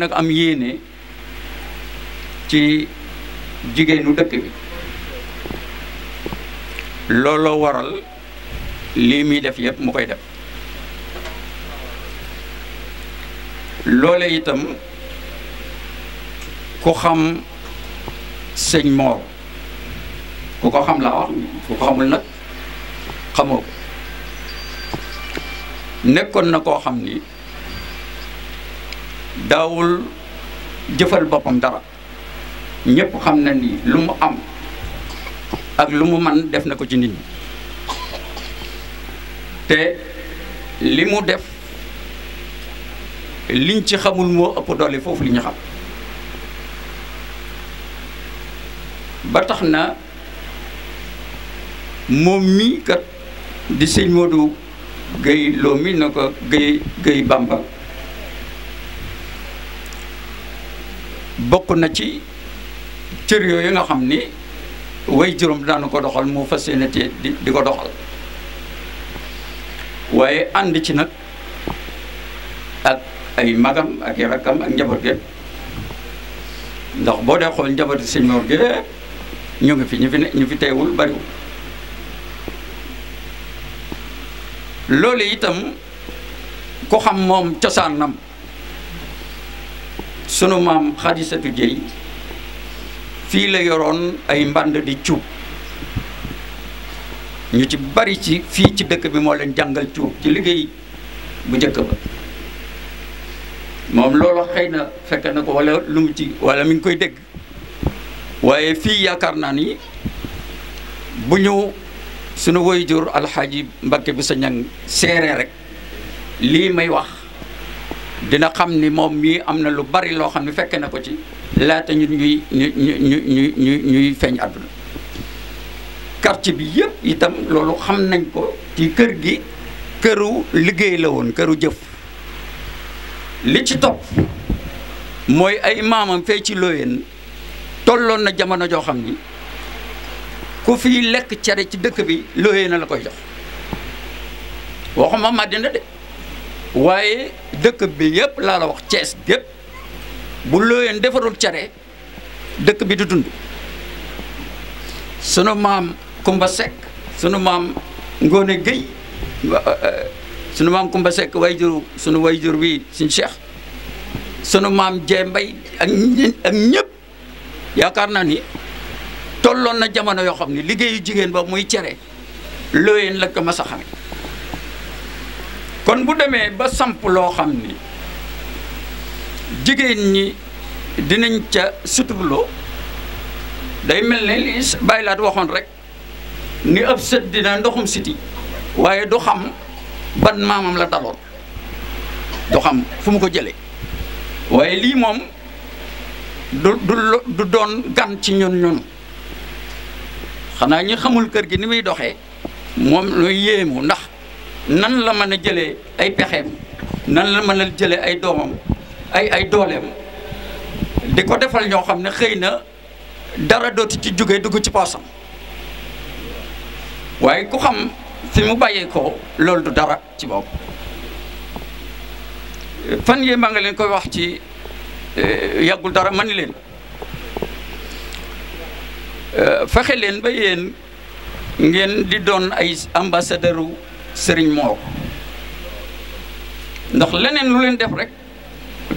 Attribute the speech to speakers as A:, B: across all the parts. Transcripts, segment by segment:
A: nag am yéene ci jigéenu dëkk bi looloo waral lii muy def yëpp mu koy def loole itam ku xam sëñ ku ko xam laa wax ku ko xamul nag xamoo ko nekkoon na koo xam ni daawul jëfal boppam dara ñëpp xam na ni lu mu am ak lu mu man def na ko ci nit ñi te li mu def liñ ci xamul moo ëpp doole foofu li ñu xam ba tax na moom mii kat di sëñ Modou Guèye loo mi na ko Guèye Guèye Bamba bokk na ci cër yooyu nga xam ni way juróom daanu ko doxal mu fas yéene te di ko doxal waaye ànd ci nag ak ay magam ak i rakkam ak njaboot gépp ndax boo dee xool njabooti sëñ Mor gépp ñu ngi fi ñu fi ne ñu fi teewul bariwul loolu itam ku xam moom cosaanam sunu maam xadisatu jëy fii la yoroon ay mbànd di cuub ñu ci bari ci fii ci dëkk bi moo leen jàngal cuub ci liggéey bu njëkk ba moom loolu xëy na fekk na ko wala lu mu ci wala mi ngi koy dégg waaye fii yaakaar naa ni bu ñu sunu woy jur alxaaji Mbakke bu sa ñang seeree rek lii may wax dina xam ni moom mii am na lu bari loo xam ne fekke na ko ci laata ñu ñuy ñu ñu ñu ñu ñuy feeñ àdduna quartier bi yëpp itam loolu xam nañ ko ci kër gi këru liggéey la woon këru jëf li ci topp mooy ay maamam fee ci looyeen tolloon na jamono joo xam ni ku fi lekk cere ci dëkk bi looyee na la koy jox waxuma Madina de waaye dëkk bi yëpp laa la wax Cees yëpp bu looyeen defarul cere dëkk bi du dund sunu maam Kumba Seck sunu maam Ngoone Géy euh, euh, sunu maam Kumba Seck wayjur sunu wayjur wi suñu Cheikh sunu maam Jee Mbay ak ak yaakaar naa ni tolloon na jamono yoo xam ne liggéeyu jigéen ba muy cere looyeen la ko mas xame kon bu demee ba samp loo xam ni jigéen ñi dinañ ca suturloo day mel ne li bàyyi laat waxoon rek ni ëpp sët dina ndoxum siti waaye du xam ban maamam la daloon du xam fu mu ko jëlee waaye lii moom du du doon gan ci ñun ñun xanaa ñi xamul kër gi ni muy doxee moom lu yéemu ndax nan la mën a jëlee ay pexeem nan la mën a jëlee ay doomam ay ay dooleem di ko defal ñoo xam ne xëy na dara dootu ci jóge dugg ci poosam waaye ku xam fi mu bàyyeekoo ko loolu du dara ci bopp fan yee maa nga leen koy wax ci e, yàggul dara man leen e, fexe leen ba yeen ngeen di doon ay ambassadeur sëriñ moo ndax leneen lu leen def rek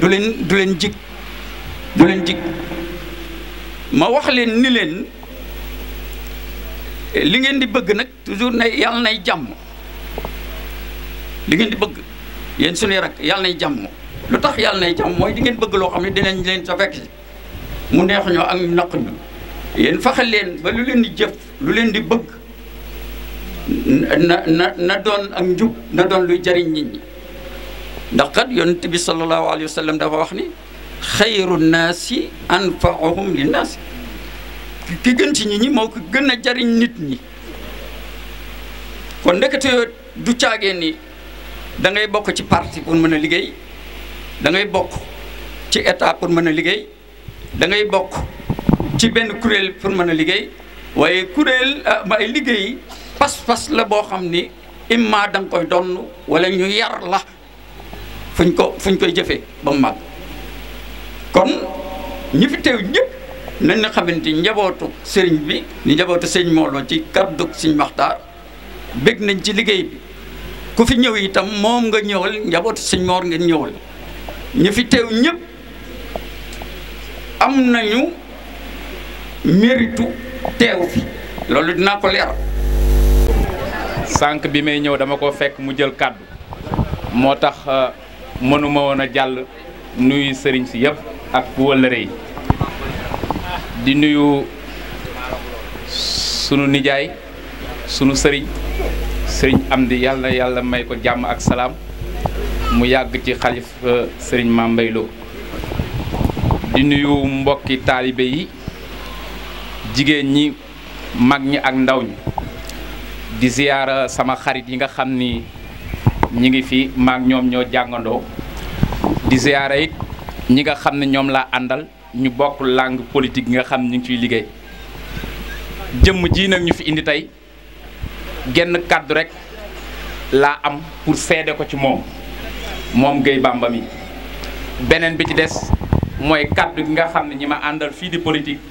A: du leen du leen jig du leen jig ma wax leen ni leen li ngeen di bëgg nag toujours na yàlla nay jàmm li ngeen di bëgg yéen suñuy rek yàlla nay jàmm lu tax yàlla nay jàmm mooy di ngeen bëgg loo xam ne dinañ leen sa fekk mu neex ñoo ak naq ñu yéen fexe leen ba lu leen di jëf lu leen di bëgg na na na doon ak njub na doon luy jëriñ nit ñi ndax kat yonent bi sallallahu alayhi wa dafa wax ni xayru naasi anfa'uhum li naas ki gën ci nit ñi moo ko gën a jariñ nit ñi kon ndekete du caagee ni dangay bokk ci parti pour mën a liggéey dangay bokk ci état pour mën a liggéey dangay bokk ci benn kuréel pour mën a liggéey waaye kuréel ah, ay liggéey pas-pas la boo xam ni imma danga koy donn wala ñu yar la fuñ ko fuñ koy jëfee ba mu mag kon ñi fi teew ñëpp nañ na xamante njabootu sëriñ bi ni njabootu sëñ Mawlo ci kàddu sëñ Maxtaar nañ ci liggéey ku fi ñëw itam moom nga ñëwal njabootu sëñ moor ngeen ñëwal ñu fi teew ñëpp am nañu méritu teew
B: fi loolu dinaa ko leer sànq bi may ñëw dama ko fekk mu jël kàddu moo tax euh, mënuma woon a jàll nuyu sëriñ si yëpp ak wëllëre yi di nuyu sunu nijaay sunu sëriñ sëriñ Amdi yàlla na yàlla may ko jàmm ak salaam mu yàgg ci xalif euh, sëriñ Mame Mbaye Lo di nuyu mbokki taalibe yi jigéen ñi mag ñi ak ndaw ñi di sama xarit yi nga xam ni ñi ngi fi maak ñoom ñoo jàngandoo di it ñi nga xam ne ñoom laa àndal ñu bokk langue politique yi nga xam ñu ngi ciy liggéey jëmm ji nag ñu fi indi tey genn kàddu rek laa am pour seede ko ci moom moom géey Bamba yi beneen bi ci des mooy kàddu gi nga xam ne ñi ma àndal fii di politique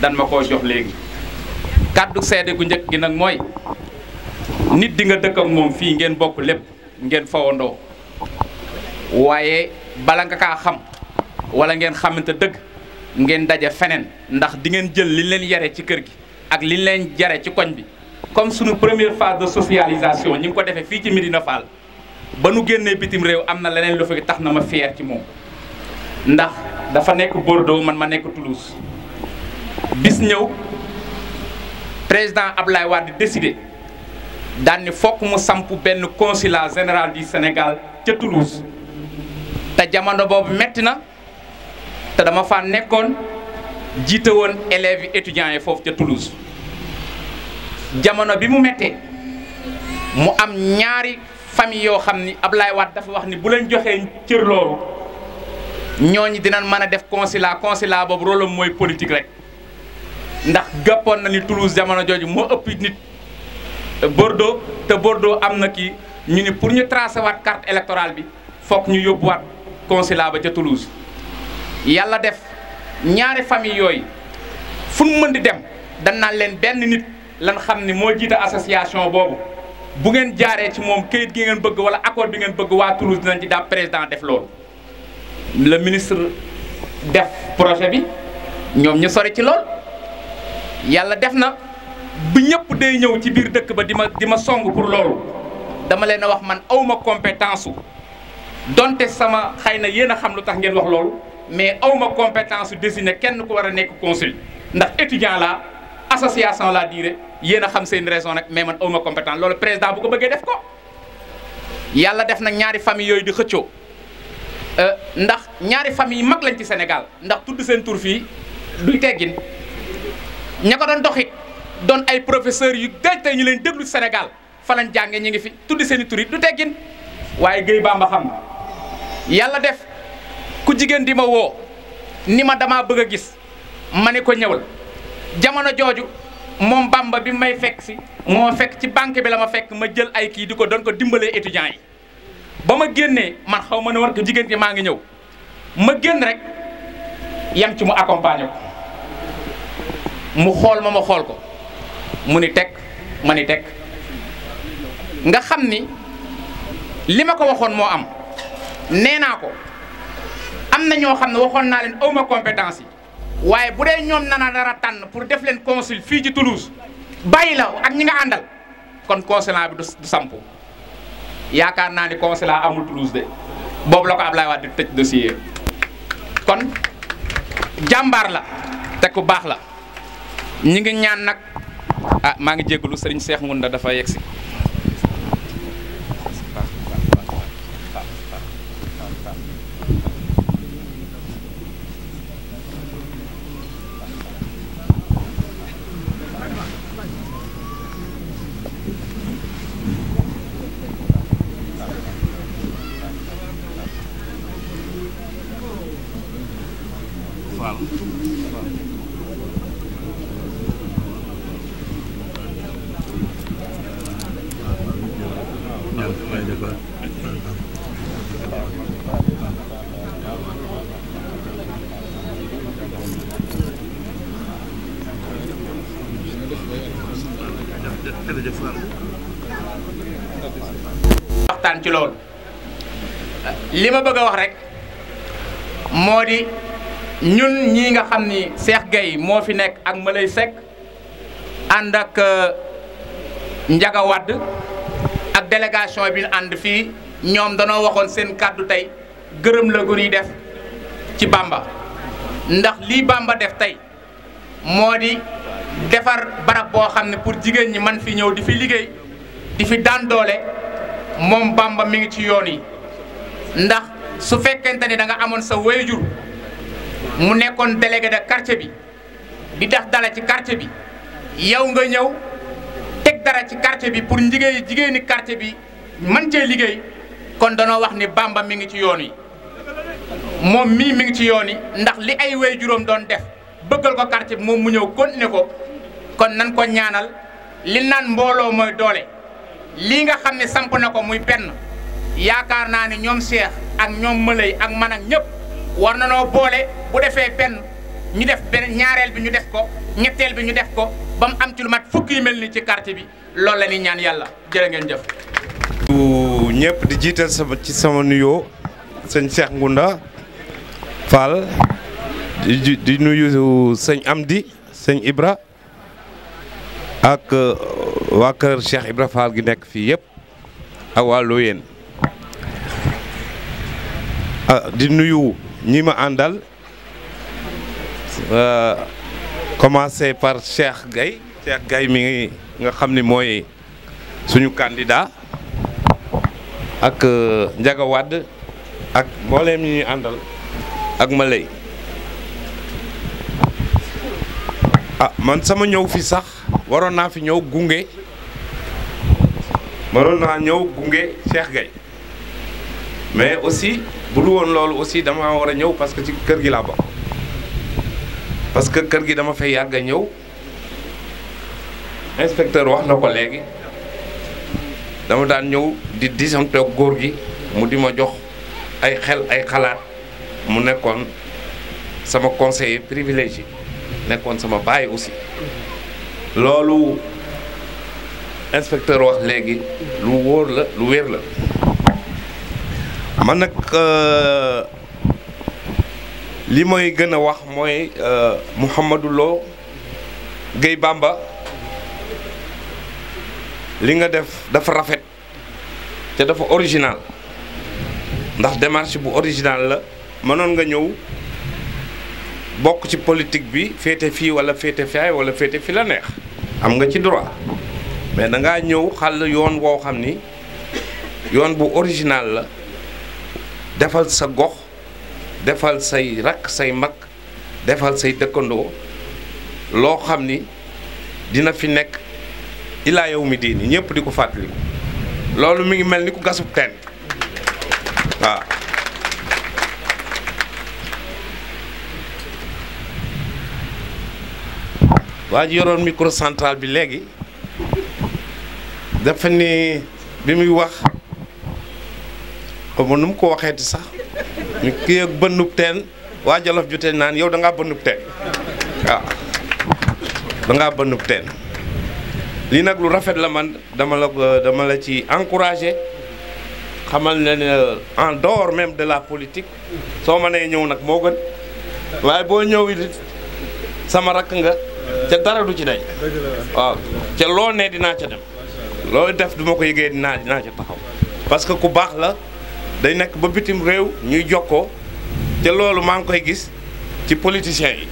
B: dan ma koo jox léegi kàddu seede gu njëkk gi nag mooy nit di nga dëkk ak moom fii ngeen bokk lépp ngeen fawandoo waaye bala nga kaa xam wala ngeen xamante dëgg ngeen daje feneen ndax di ngeen jël li leen yare ci kër gi ak li leen jare ci koñ bi comme suñu première phase de socialisation ñi ngi ko defee fii ci Medina Fall ba nu génnee bitim réew am na leneen lu fi tax na ma fier ci moom ndax dafa nekk Bordeaux man ma nekk Toulouse bis ñëw président Ablaye Wade décidé daan ni fokk mu samp benn consulat général du Sénégal ca Toulouse te jamono boobu metti na te dama fa nekkoon jiite woon élèves yi yi foofu ca Toulouse jamono bi mu mettee mu am ñaari famille yoo xam ni ab Ablaye waat dafa wax ni bu leen joxee cër loolu ñooñu dinañ mën a def consulat consulat boobu rôle am mooy politique rek ndax gàppoon na ni Toulouse jamono jooju moo ëpp nit. Bordeaux te Bordeaux am na kii ñu ni pour ñu tracé waat carte électorale bi foog ñu yóbbuwaat consulat ba ca Toulouse. yàlla def ñaari famille yooyu fu mu mën di dem dañ naan leen benn nit lan xam ni moo jiite association boobu bu ngeen jaaree ci moom këyit gi ngeen bëgg wala accord bi ngeen bëgg waa Toulouse dinañ ci daal président def loolu. le ministre def projet bi ñoom ñu sori ci lool yàlla def na. bu ñëpp day ñëw ci biir dëkk ba di ma di ma song pour loolu dama leen a wax man awma compétence su donte sama xëy na yéen a xam lu tax ngeen wax loolu mais awma compétence su désigner kenn ku war a nekk consul ndax étudiant la association la durée yéen a xam seen raison nag mais man awma compétence loolu président bu ko bëggee def ko yàlla def na ñaari famille yooyu di xëccoo euh, ndax ñaari famille mag lañ ci Sénégal ndax tudd seen tur fii duy teggin ña ko doon doxit doon ay professeurs yu gëj tey ñu leen déglu senegal fa lañ jàngee ñu ngi fi tudd seeni i tur yi du teggin waaye Guèye Bamba xam yàlla def ku jigéen di ma woo ni ma damaa bëgg a gis ma ne ko ñëwal jamono jooju moom Bamba bi may fekk si moo fekk ci banque bi la ma fekk ma jël ay kii di ko doon ko dimbalee étudiants yi ba ma génnee man xaw ma ne war ko jigéen gi maa ngi ñëw ma génn rek yam ci mu accompagner ko mu xool ma ma xool ko mu ni teg ma ni teg nga xam ni li ma ko waxoon moo am nee naa ko am na ñoo xam ne waxoon naa leen awma compétence yi waaye bu dee ñoom nana dara tànn pour def leen consul fii ci Toulouse bàyyi la ak ñi nga àndal kon consulat bi du yaakaar naa ni consulat amul Toulouse de boobu la ko Ablaye Wade di tëj dossier kon jàmbaar la te ku baax la ñi ngi ñaan nag. ah maa ngi jégalu sëriñ Cheikh Ngounda dafa yegg si li ma bëgg a wax rek moo di ñun ñi nga xam ni Cheikh Gueye moo fi nekk ak Malay Seck ànd ak euh, Njaga ak délégation bi ànd fii ñoom danoo waxoon seen kàddu tey gërëm la gu ñuy def ci Bamba ndax lii Bamba def tey moo di defar barab boo xam ne pour jigéen ñi man fi ñëw di fi liggéey di fi daan doole moom Bamba mi ngi ci yoon yi ndax su fekkente ni danga amoon sa wayjur mu nekkoon délégué de bi di tax dala ci quartier bi yow nga ñëw teg dara ci quartier bi pour njigéey jigéeni quartier bi man cee liggéey kon danoo wax ni Bamba mi ngi ci yoon yi moom mii mi ngi ci yoon yi ndax li ay wayjuram doon def bëggal ko quartier bi moom mu ñëw ne ko kon nan ko ñaanal li naan mbooloo mooy doole lii nga xam ne samp na ko muy benn yaakaar naa ne ñoom Cheikh ak ñoom Mëlay ak man ak ñëpp war na noo boole bu defee benn ñu def ñaareel bi ñu def ko ñetteel bi ñu def ko ba mu am ci lu mat fukk mel ni ci karti bi loole la ñaan yàlla jërë ngeen jëf.
C: ñépp di jiital sama ci sama nuyoo sëñ Cheikh Ngounda Fall di di nuyu sëñ di sëñ Ibra ak euh, waa kër Cheikh Ibra Fall gi nekk fii yëpp ak waa Loyeen ah di nuyu ñi ma àndal euh, commencé par Cheikh gay Cheikh gay mi ngi nga xam ni mooy suñu candidat ak euh, Ndiaga Wade ak mbooleem ñi ñuy àndal ak ma lay ah man sama ñëw fi sax waroon naa fi ñëw gunge waroon naa ñëw gunge Cheikh Gaye mais aussi bu dul woon loolu aussi damaa war a ñëw parce que ci kër gi laa ko parce que kër gi dama fay yàgg a ñëw inspecteur wax na ko léegi dama daan ñëw di disante góor gi mu di ma jox ay xel ay xalaat mu nekkoon sama conseiller privilegie nekkoon sama baay aussi loolu inspecteur wax léegi lu wóor la lu wér la man nag euh, li mooy gën a wax mooy euh, Mouhamadou Lo Gueye Bamba li nga def dafa rafet te dafa original ndax démarche bu original la mënoon nga ñëw bokk ci politique bi féete fii wala féete faay wala féete fi la neex am nga ci droit mais da ngaa ñëw xàll yoon woo xam ni yoon bu original la defal sa gox defal say rakk say mag defal say dëkkandoo loo xam ni dina fi nekk ilaa yow mi diini ñëpp di ko fàttaliku loolu mi ngi mel ni ku gasub teen waaw waa ji yoroon micro bi léegi dafa ni bi muy wax xaw ma nu mu ko waxee waxeeti sax ñu kii ak bënnub teen waa jolof ju teen naan yow danga ngaa bënnub teen waaw da ngaa teen lii nag lu rafet la man dama la ci encouragé xamal ne ne en dehors même de la politique soo mënee ñëw nag moo gën waaye boo ñëw it sama rakk nga ca dara du ci day waaw ca loo ne dinaa ca dem loolu def du ma ko yëgee dinaa dinaa ca taxaw parce que ku baax la day nekk ba bitim réew ñuy jokkoo ca loolu maa ngi koy gis ci politiciens yi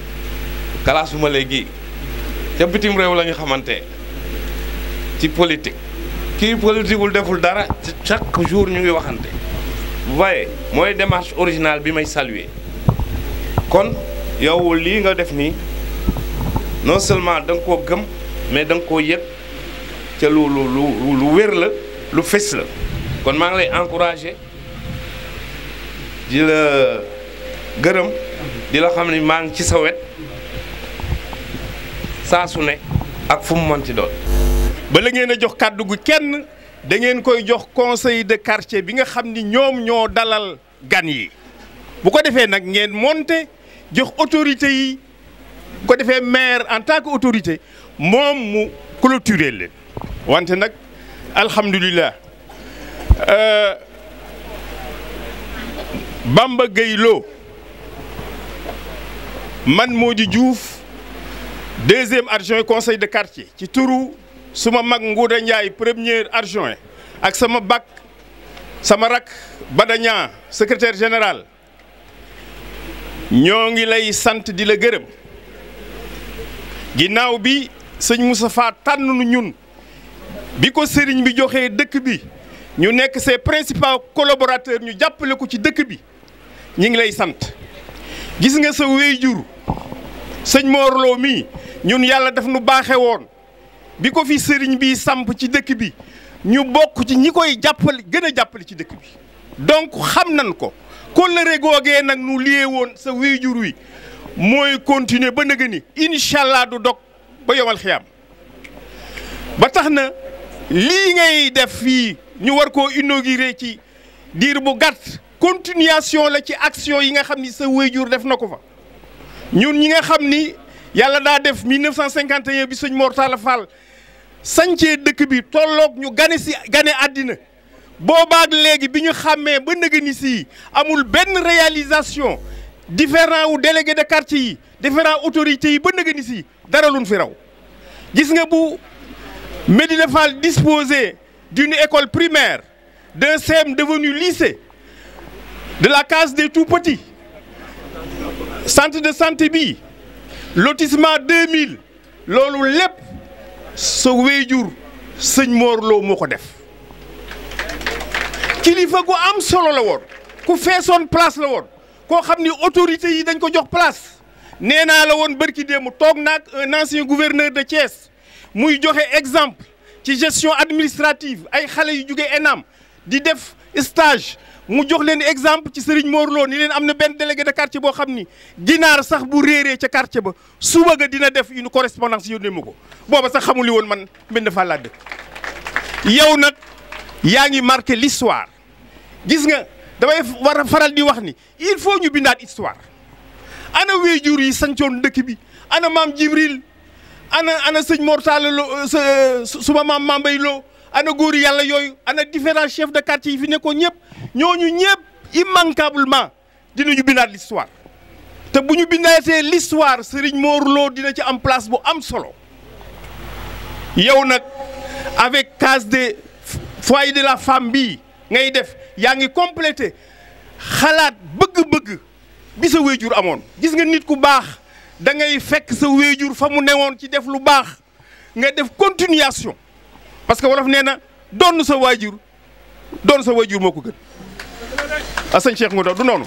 C: kalaasuma léegi ca bitim réew la xamante ci politique kii politique deful dara chaque jour ñu ngi waxante vous voyez mooy démarche originale bi may saluer kon yow lii nga def nii non seulement da nga koo gëm mais da nga koo yëg ca lu lu lu lu wér la lu fés la kon maa ngi lay encourager di la gërëm di
D: la xam ne maa ngi ci sa wet saa su ne ak
C: fu mu mënti doon.
D: bala la ngeen a jox kàddu gu kenn da ngeen koy jox conseil de quartier bi nga xam ni ñoom ñoo dalal gan yi bu ko defee nag ngeen monte jox autorité yi bu ko defee maire en tant que autorité moom mu clôturer leen wante nag alhamdulilah. Euh, Bamba Gueye man moo Modou Diouf deuxième adjoint conseil de quartier ci turu suma mag Ngouda Ndiaye premier adjoint ak sama bak sama rak Badaña secretaire général ñoo ngi lay sant di la gërëm ginnaaw bi sëñ Moustapha tànn nu ñun bi ko sëriñ bi joxee dëkk bi ñu nekk ses principaux collaborateurs ñu jàppale ko ci dëkk bi ñi ngi lay sant gis nga sa wéyjur sëñ Mor Lo mii ñun yàlla daf nu baaxe woon bi ko fi sëriñ bi samp ci dëkk bi ñu bokk ci ñi koy jàppale gën a jàppale ci dëkk bi donc xam nan ko kóllëre googee nag nu liyee woon sa wéyjur wi mooy continuer ba nëgë ni allah du dog ba yomal xiyam ba tax na lii ngay def fii ñu war ko inaugurer ci diir bu gàtt continuation la ci action yi nga xam ni sa wéyjur def na ko fa ñun ñi nga xam ni yàlla daa def 1951 bi sëñ Mortala Fall sancee dëkk bi tolloog ñu gane si gane àddina boobaag léegi bi ñu xàmmee ba nëgëni si amul benn réalisation différent wu délégué de quartier yi différent autorités yi ba nëgëni si dara luñ fi raw gis nga bu Médina Fall disposé d'une école primaire d'un CM devenu lycée de la case des tout petits centre de santé bi lotissement 2000 loolu lépp sa wéyjur sëñ Moorloo moo ko def kilifa gu am solo la woon ku feesoon place la woon koo xam ni autorité yi dañ ko jox place nee naa la woon bërki démb toog naag un ancien gouverneur de Thiès muy joxe exemple ci gestion administrative ay xale yu jóge ENAM di def stage mu jox leen exemple ci Serigne Mor Lo ni leen am na benn délégué de quartier boo xam ni ginaar sax bu réeree ca quartier ba suba ga dina def une correspondance yónnee ma ko booba sax xamuli woon man mbind fa laa dëkk yow nag yaa ngi marqué l'histoire gis nga damay war faral di wax ni il faut ñu bindaat histoire ana waajur yi sancoon dëkk bi ana maam Jibril ana ana sëñ Mor Talla Lo euh, suma maam Mambay loo ana góor yàlla yooyu ana différents chefs de quartier yi fi nekkoon ñëpp ñooñu ñëpp immanquablement dinañu bindaat l'histoire te bu ñu bindaatee l'histoire Serigne Mor Lo dina ci am place bu am solo yow nag avec case de foyer de la femme bii ngay def yaa ngi complété xalaat bëgg-bëgg bi sa wéjur amoon gis nga nit ku baax da ngay fekk sa wéjur fa mu newoon ci def lu baax nga def continuation parce que wolof nee na doon sa waajur doon sa waajur moo ko gën
E: a
D: ah, sëñ Cheikh Ngounda du noonu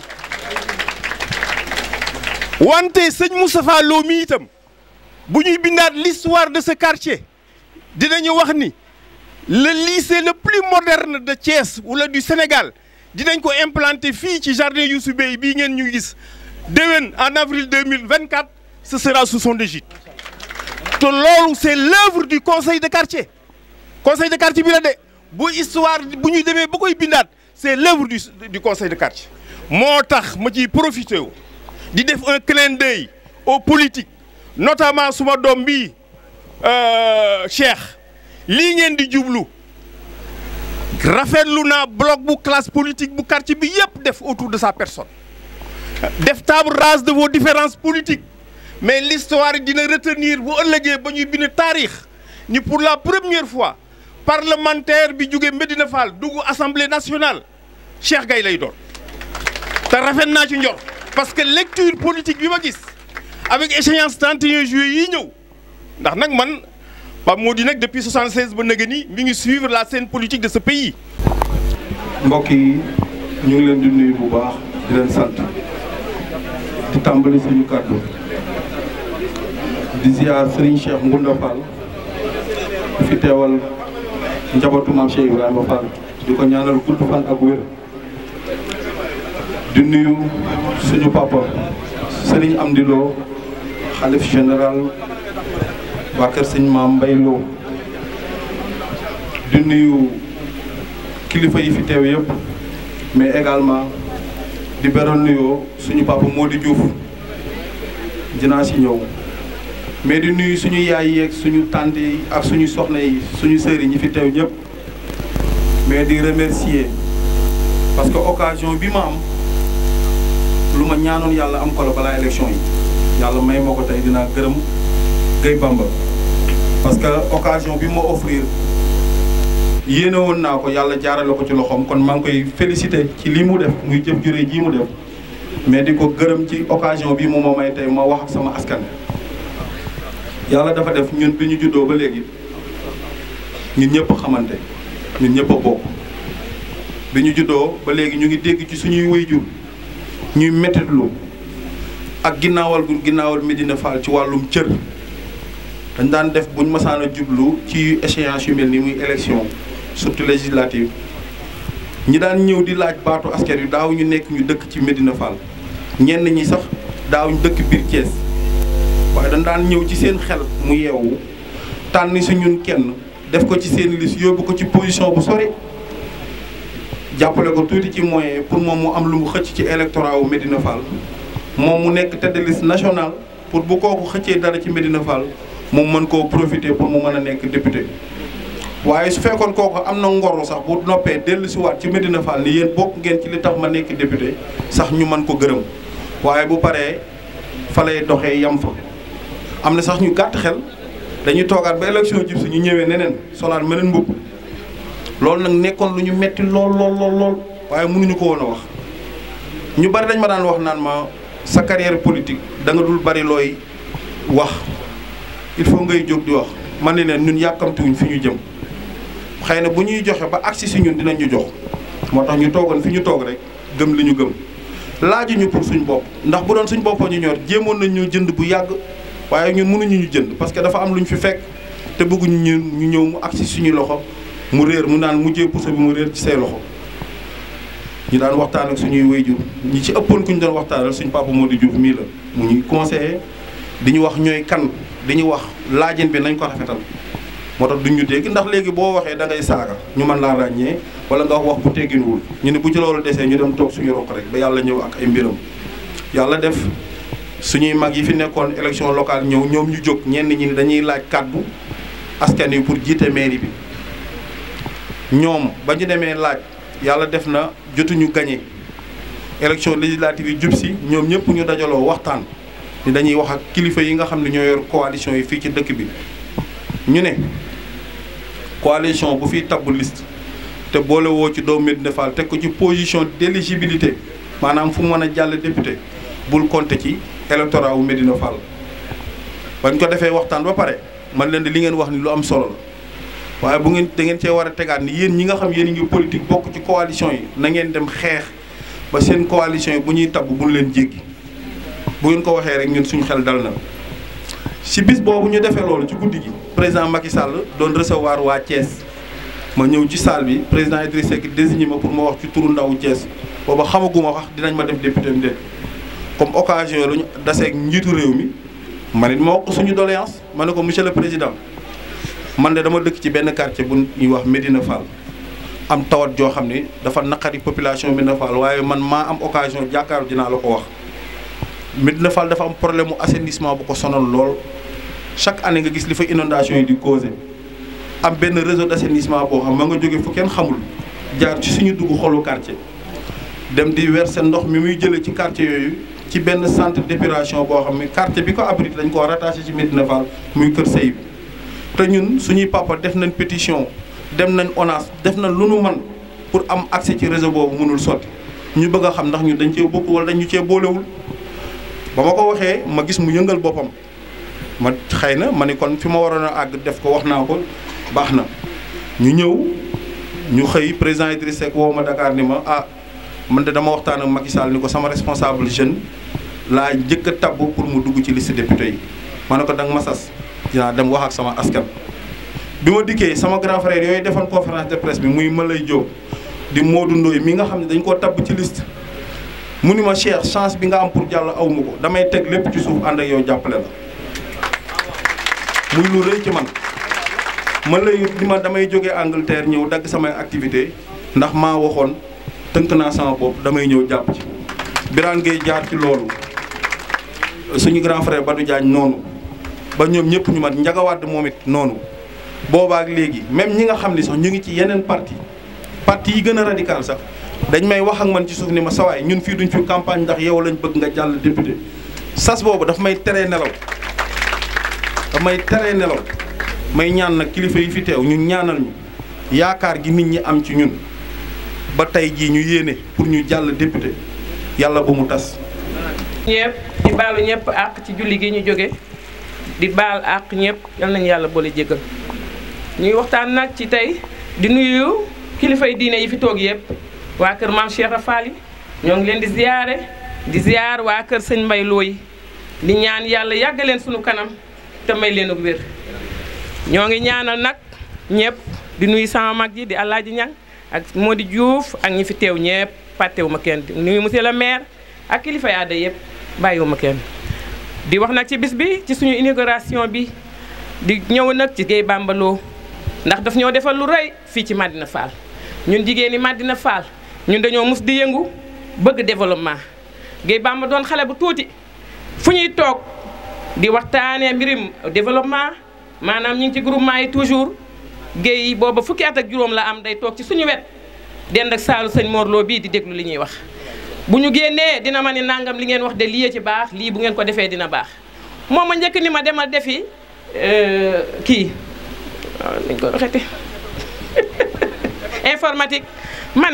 D: wante sëñ Moustapha Lo mi itam bu ñuy bindaat l'histoire de ce quartier dinañu wax ni le lycée le plus moderne de Thiès wala du Sénégal dinañ ko implanter fii ci jardin Youssou Bey bii ngeen ñu gis déwén en avril 2024 ce sera sous son égide te loolu c'est l'œuvre du conseil de quartier conseil de quartier bi la de bu histoire bu ñuy demee ba koy bindaat c'est l'œuvre du du conseil de quartier moo tax ma ciy profité wu di def un clin d'œil aux politiques notamment suma doom bii euh, Cheikh lii ngeen di jublu rafetlu naa bloc bu classe politique bu quartier bi yëpp def autour de sa personne def table rase de vos différences politique mais l'histoire dina retenir bu ëllëgee ba ñuy bind taarix ni pour la première fois parlementaire bi jóge Médina Fall dugg assemblée nationale Cheikh gay lay doon te rafet naa ci njor parce que lecture politique bi ma gis avec échéance 31 juillet yii ñëw ndax nag man moo di nag depuis 76 ba nëgë ni mi ngi suivre la scène politique de ce pays. mbokk
F: yi ñu ngi leen di nuyu bu baax di leen sant di tàmbali suñu kàddu di ziar Serigne Cheikh Ngounda Fall fi teewal. njabootu maam Cheikh Ibrahima Fall di ko ñaanal gudd fan ak wér nuyu suñu papa Serigne Amdi Lo xalif général waa kër sëñ maam Mbay Lo di nuyu kilifa yi fi teew yëpp mais également di beral nuyoo suñu papa Modou Diouf dinaa si ñëw mais di nuyu suñu yaay yeeg suñu tànt yi ak suñu soxna yi suñu sœur yi ñi fi teew ñëpp mais di remercier parce que occasion bi ma am lu ma ñaanoon yàlla am ko la balaa yàlla may ma ko dinaa gërëm Gueye Bamba parce que occasion bi ma offrir yéene woon naa ko yàlla jaarale ko ci loxoom kon maa ngi koy félicité ci lii mu def muy jëf jure jii mu def mais di ko gërëm ci occasion bi mu ma may tey ma wax ak sama askan yàlla dafa def ñun bi ñu juddoo ba léegi ñu ñëpp xamante ñun ñëpp a bokk bi ñu juddoo ba léegi ñu ngi dégg ci suñuy wayjur ñuy mettitlu ak ginnaawal gu ginnaawal Médina Fall ci wàllum cër dañ daan def buñ masaan jublu ci échéance yu mel ni muy élection surtout législative ñi daan ñëw di laaj baatu askan yu daaw ñu nekk ñu dëkk ci Médina Fall ñenn ñi sax daaw dëkk biir Thiès. waaye dañ daan ñëw ci seen xel mu yeewu tànn su ñun kenn def ko ci seen liste yóbbu ko ci position bu sore jàppale ko tuuti ci moyen pour moom mu am lu mu xëcc ci électorat wu Medina Fall moom mu nekk tête de liste pour bu kooku xëccee dara ci Medina Fall mu mën koo profiter pour mu mën a nekk député waaye su fekkoon kooku am na ngoru sax bu noppee dellusiwaat ci Medina Fall ni yéen bokk ngeen ci li tax ma nekk député sax ñu mën ko gërëm waaye bu paree fa lay doxee yam fa. am na sax ñu gàtt xel dañuy toogaat ba élection jib ñu ñëwee neneen solaat meneen mbubb loolu nag nekkoon lu ñu metti lool lool lool lool waaye mënuñu ko woon a wax ñu bari dañ ma daan wax naan ma sa carrière politique da dul bari looy wax il faut ngay jóg di wax man ne leen ñun yàkkamtiwuñ fi ñu jëm xëy na bu ñuy joxe ba agsi si ñun dinañ ñu jox moo tax ñu toogoon fi ñu toog rek gëm li ñu gëm ñu pour suñ bopp ndax bu doon suñ boppoo ñu ñor jéemoon nañ ñu jënd bu yàgg waaye ñun mënuñu ñu jënd parce que dafa am lu ñu fi fekk te bëgguñu ñu ñu ñëw mu agsi suñu loxo mu réer mu naan mujjee puso bi mu réer ci say loxo ñu daan waxtaan ak suñuy wayjur ñi ci ëppoon ku ñu doon waxtaanal suñu papa di Diouf mii la mu ñuy conseillé di ñu wax ñooy kan di ñu wax laajin bi nañ ko rafetal moo tax duñ ñu dégg ndax léegi boo waxee dangay ngay ñu mën laa ràññee wala nga wax bu tegginwul ñu ne bu ci desee ñu dem toog suñu roq rek ba yàlla ñëw ak ay mbiram yàlla def suñuy mag yi fi nekkoon élection locale ñëw ñoom ñu jóg ñenn ñi dañuy laaj kàddu askan wi pour jiite mairie bi ñoom ba ñu demee laaj yàlla def na jotuñu gagné élection législative yi jub si ñoom ñëpp ñu dajaloo waxtaan ni dañuy wax ak kilifa yi nga xam ne ñoo yor coalition yi fii ci dëkk bi ñu ne coalition bu fiy tabb liste te woo ci doomu Médina Fall teg ko ci position d'éligibilité maanaam fu mu mën a jàll député bul compter ci électorat wu Medina Fall bañ ko defee waxtaan ba pare man leen di li ngeen wax ni lu am solo la waaye bu ngeen da ngeen cee war a tegaat ni yéen ñi nga xam yéen ngi politique bokk ci coalition yi na ngeen dem xeex ba seen coalition yi bu ñuy tabb bu leen jéggi bu ngeen ko waxee rek ngeen suñu xel dal na. si bis boobu ñu defee loolu ci guddi gi président Macky Sall doon recevoir waa cees ma ñëw ci salle bi président Idriss Seck désigné ma pour ma wax ci turu ndawu Thiès booba xamaguma wax dinañ ma def député am comme occasion la ñu daseeg njiitu réew mi man it ma wax suñu doléance ma ne ko monsieur le président man de dama dëkk ci benn quartier bu ñuy wax Medina Fall am tawat joo xam ne dafa naqari population Medina Fall waaye man maa am occasion jàkkaaru dinaa la ko wax Medina Fall dafa am problème mu assainissement bu ko sonal lool chaque année nga gis li fa inondation yi di causé am benn réseau d'assainissement boo xam ma nga jóge fu kenn xamul jaar ci suñu dugg xolu quartier dem di verser ndox mi muy jëlee ci quartier yooyu ci benn centre d'épuration boo xam ne quartier bi ko abrite dañ koo rattaché ci Médina Fall muy Kër Seyib te ñun suñuy papa def nañ pétition dem nañ ONAS def nañ lu nu man pour am accès ci réseau boobu mënul sotti ñu bëgg a xam ndax ñu dañu cee bokk wala dañ cee boolewul ba ma ko waxee ma gis mu yëngal boppam ma xëy na ma ni kon fi ma waroon a àgg def ko wax naa ko baax na ñu ñëw ñu xëy président Idriss Seck woo ma Dakar ni ma ah man de dama waxtaan ak Macky ni ko sama responsable jeune laa njëkk a tabbu pour mu dugg ci liste député yi ma ne ko danga ma sas dinaa dem wax ak sama askan. bi ma dikkee sama grand frère yooyu defoon conférence de presse bi muy lay Diop di Modou Ndoye mi nga xam ne dañ koo tabb ci list mu ni ma Cheikh chance bi nga am pour jàll aw ko damay teg lépp ci suuf ànd ak yow jàppale la muy lu rëy ci man ma lay damay jóge Angleterre ñëw dagg samay activité ndax maa waxoon tënk naa sama bopp damay ñëw jàpp ci Birane jaar ci loolu suñu grand frère Badou Diagne noonu ba ñoom ñëpp ñu mat njagawaat moom it noonu boobaak léegi même ñi nga xam ni sax ñu ngi ci yeneen parti parti yi gën a radical sax dañ may wax ak man ci suuf ni ma sawaay ñun fii duñ fi campagne ndax yow lañu bëgg nga jàll député sas boobu dafa may teree nelaw daf may teree nelaw may ñaan nag kilifa yi fi teew ñu ñaanal ñu yaakaar gi nit ñi am ci ñun ba tey jii ñu yéene pour ñu jàll député yàlla bu mu tas.
G: ñëpp di baalu ñëpp àq ci julli gi ñu jóge di bal àq ñëpp yal yàlla boole jégal ñuy waxtaan nag ci tey di nuyu kilifay diine yi fi toog yëpp waa kër maam Cheikh Rafal ñoo ngi leen di ziyaare di ziyaar waa kër sëñ Mbay Looy di ñaan yàlla yàgg leen sunu kanam te mbay leen ak wér ñoo ngi ñaanal nag ñëpp di nuyu sama mag ji di Alaaji Ñang ak moo di Diouf ak ñi fi teew ñëpp fàttewuma kenn nuyu monsieur le maire ak kilifa aada yëpp bàyyiwuma kenn. di wax nag ci bis bi ci suñu inauguration bi di ñëw nag ci Guèye Bamba ndax daf ñoo defal lu rëy fii ci Madina Fall ñun jigéen ñi Madina Fall ñun dañoo mus di yëngu bëgg développement Guèye Bamba doon xale bu tuuti fu ñuy toog di waxtaanee mbirim développement maanaam ñu ngi ci groupement yi toujours. géey booba fukki at ak juróom la am day toog ci suñu wet dend ak saalu sañ Morlo bii di déglu li ñuy wax bu ñu génnee dina ma ni nangam li ngeen wax de lii ci baax lii bu ngeen ko defee dina baax moom ma njëkk ni ma demal defi euh, kii dañ ko waxeeti ne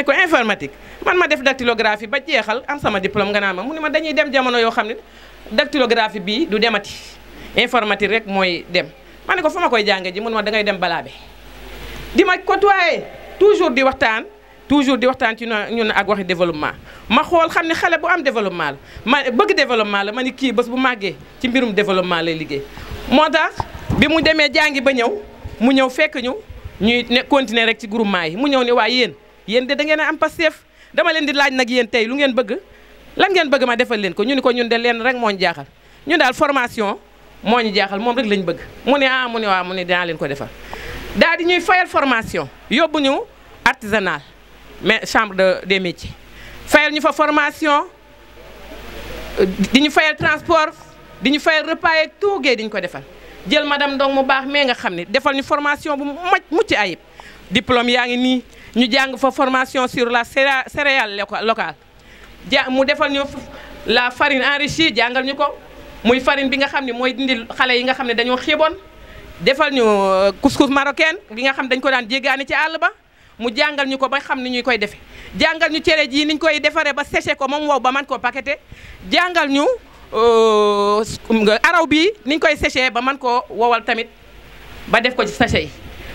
G: ko informatique man ma def dactylographie ba jeexal am sama diplôme nga naa ma mu ni ma dañuy dem jamono yoo xam ne dactylographie bii du demati informatique rek mooy dem ma ne ko fa ma koy jànge ji mu ne ma dangay dem bi di ma côtoyer toujours di waxtaan toujours di waxtaan ci ñun ak waxi développement ma xool xam ne xale bu am développement la ma bëgg développement la ma ni kii bés bu màggee ci mbirum développement lay liggéey moo tax bi mu demee jàngi ba ñëw mu ñëw fekk ñu ñuy ne continuer rek ci groupement yi mu ñëw ne waa yéen yéen de da ngeen a am Pastef dama leen di laaj nag yéen tey lu ngeen bëgg lan ngeen bëgg ma defal leen ko ñu ni ko ñun de leen rek moo ñu jaaxal ñu daal formation moo ñu jaaxal moom rek lañ bëgg mu ne ah mu ne waaw mu ne dinaa leen ko defal daal di ñuy fayal formation yóbbu ñu artisanal mais chambre de des métiers fayal ñu fa formation euh, di ñu fayal transport di ñu fayal repas yeeg toogee di ñu ko defal jël madame Ndong mu baax mais nga xam ne defal ñu formation bu mu maj mucc ayib diplôme yaa ngi nii ñu jàng fa formation sur la céréale local ja mu defal ñu la farine enrichie jàngal ñu ko muy farine bi nga xam ne mooy dindi xale yi nga xam ne dañoo xiiboon defal ñu euh, couscous marocain bi nga xam dañ ko daan jéggaani ci àll ba mu jàngal ñu ko ba xam ni ñuy koy defe jàngal ñu cere ji ñu koy defaree ba séché ko moom wow ba man koo paqueté jàngal ñu euh, araw bi niñ koy séché ba man koo wowal tamit ba def ko ci sachet yi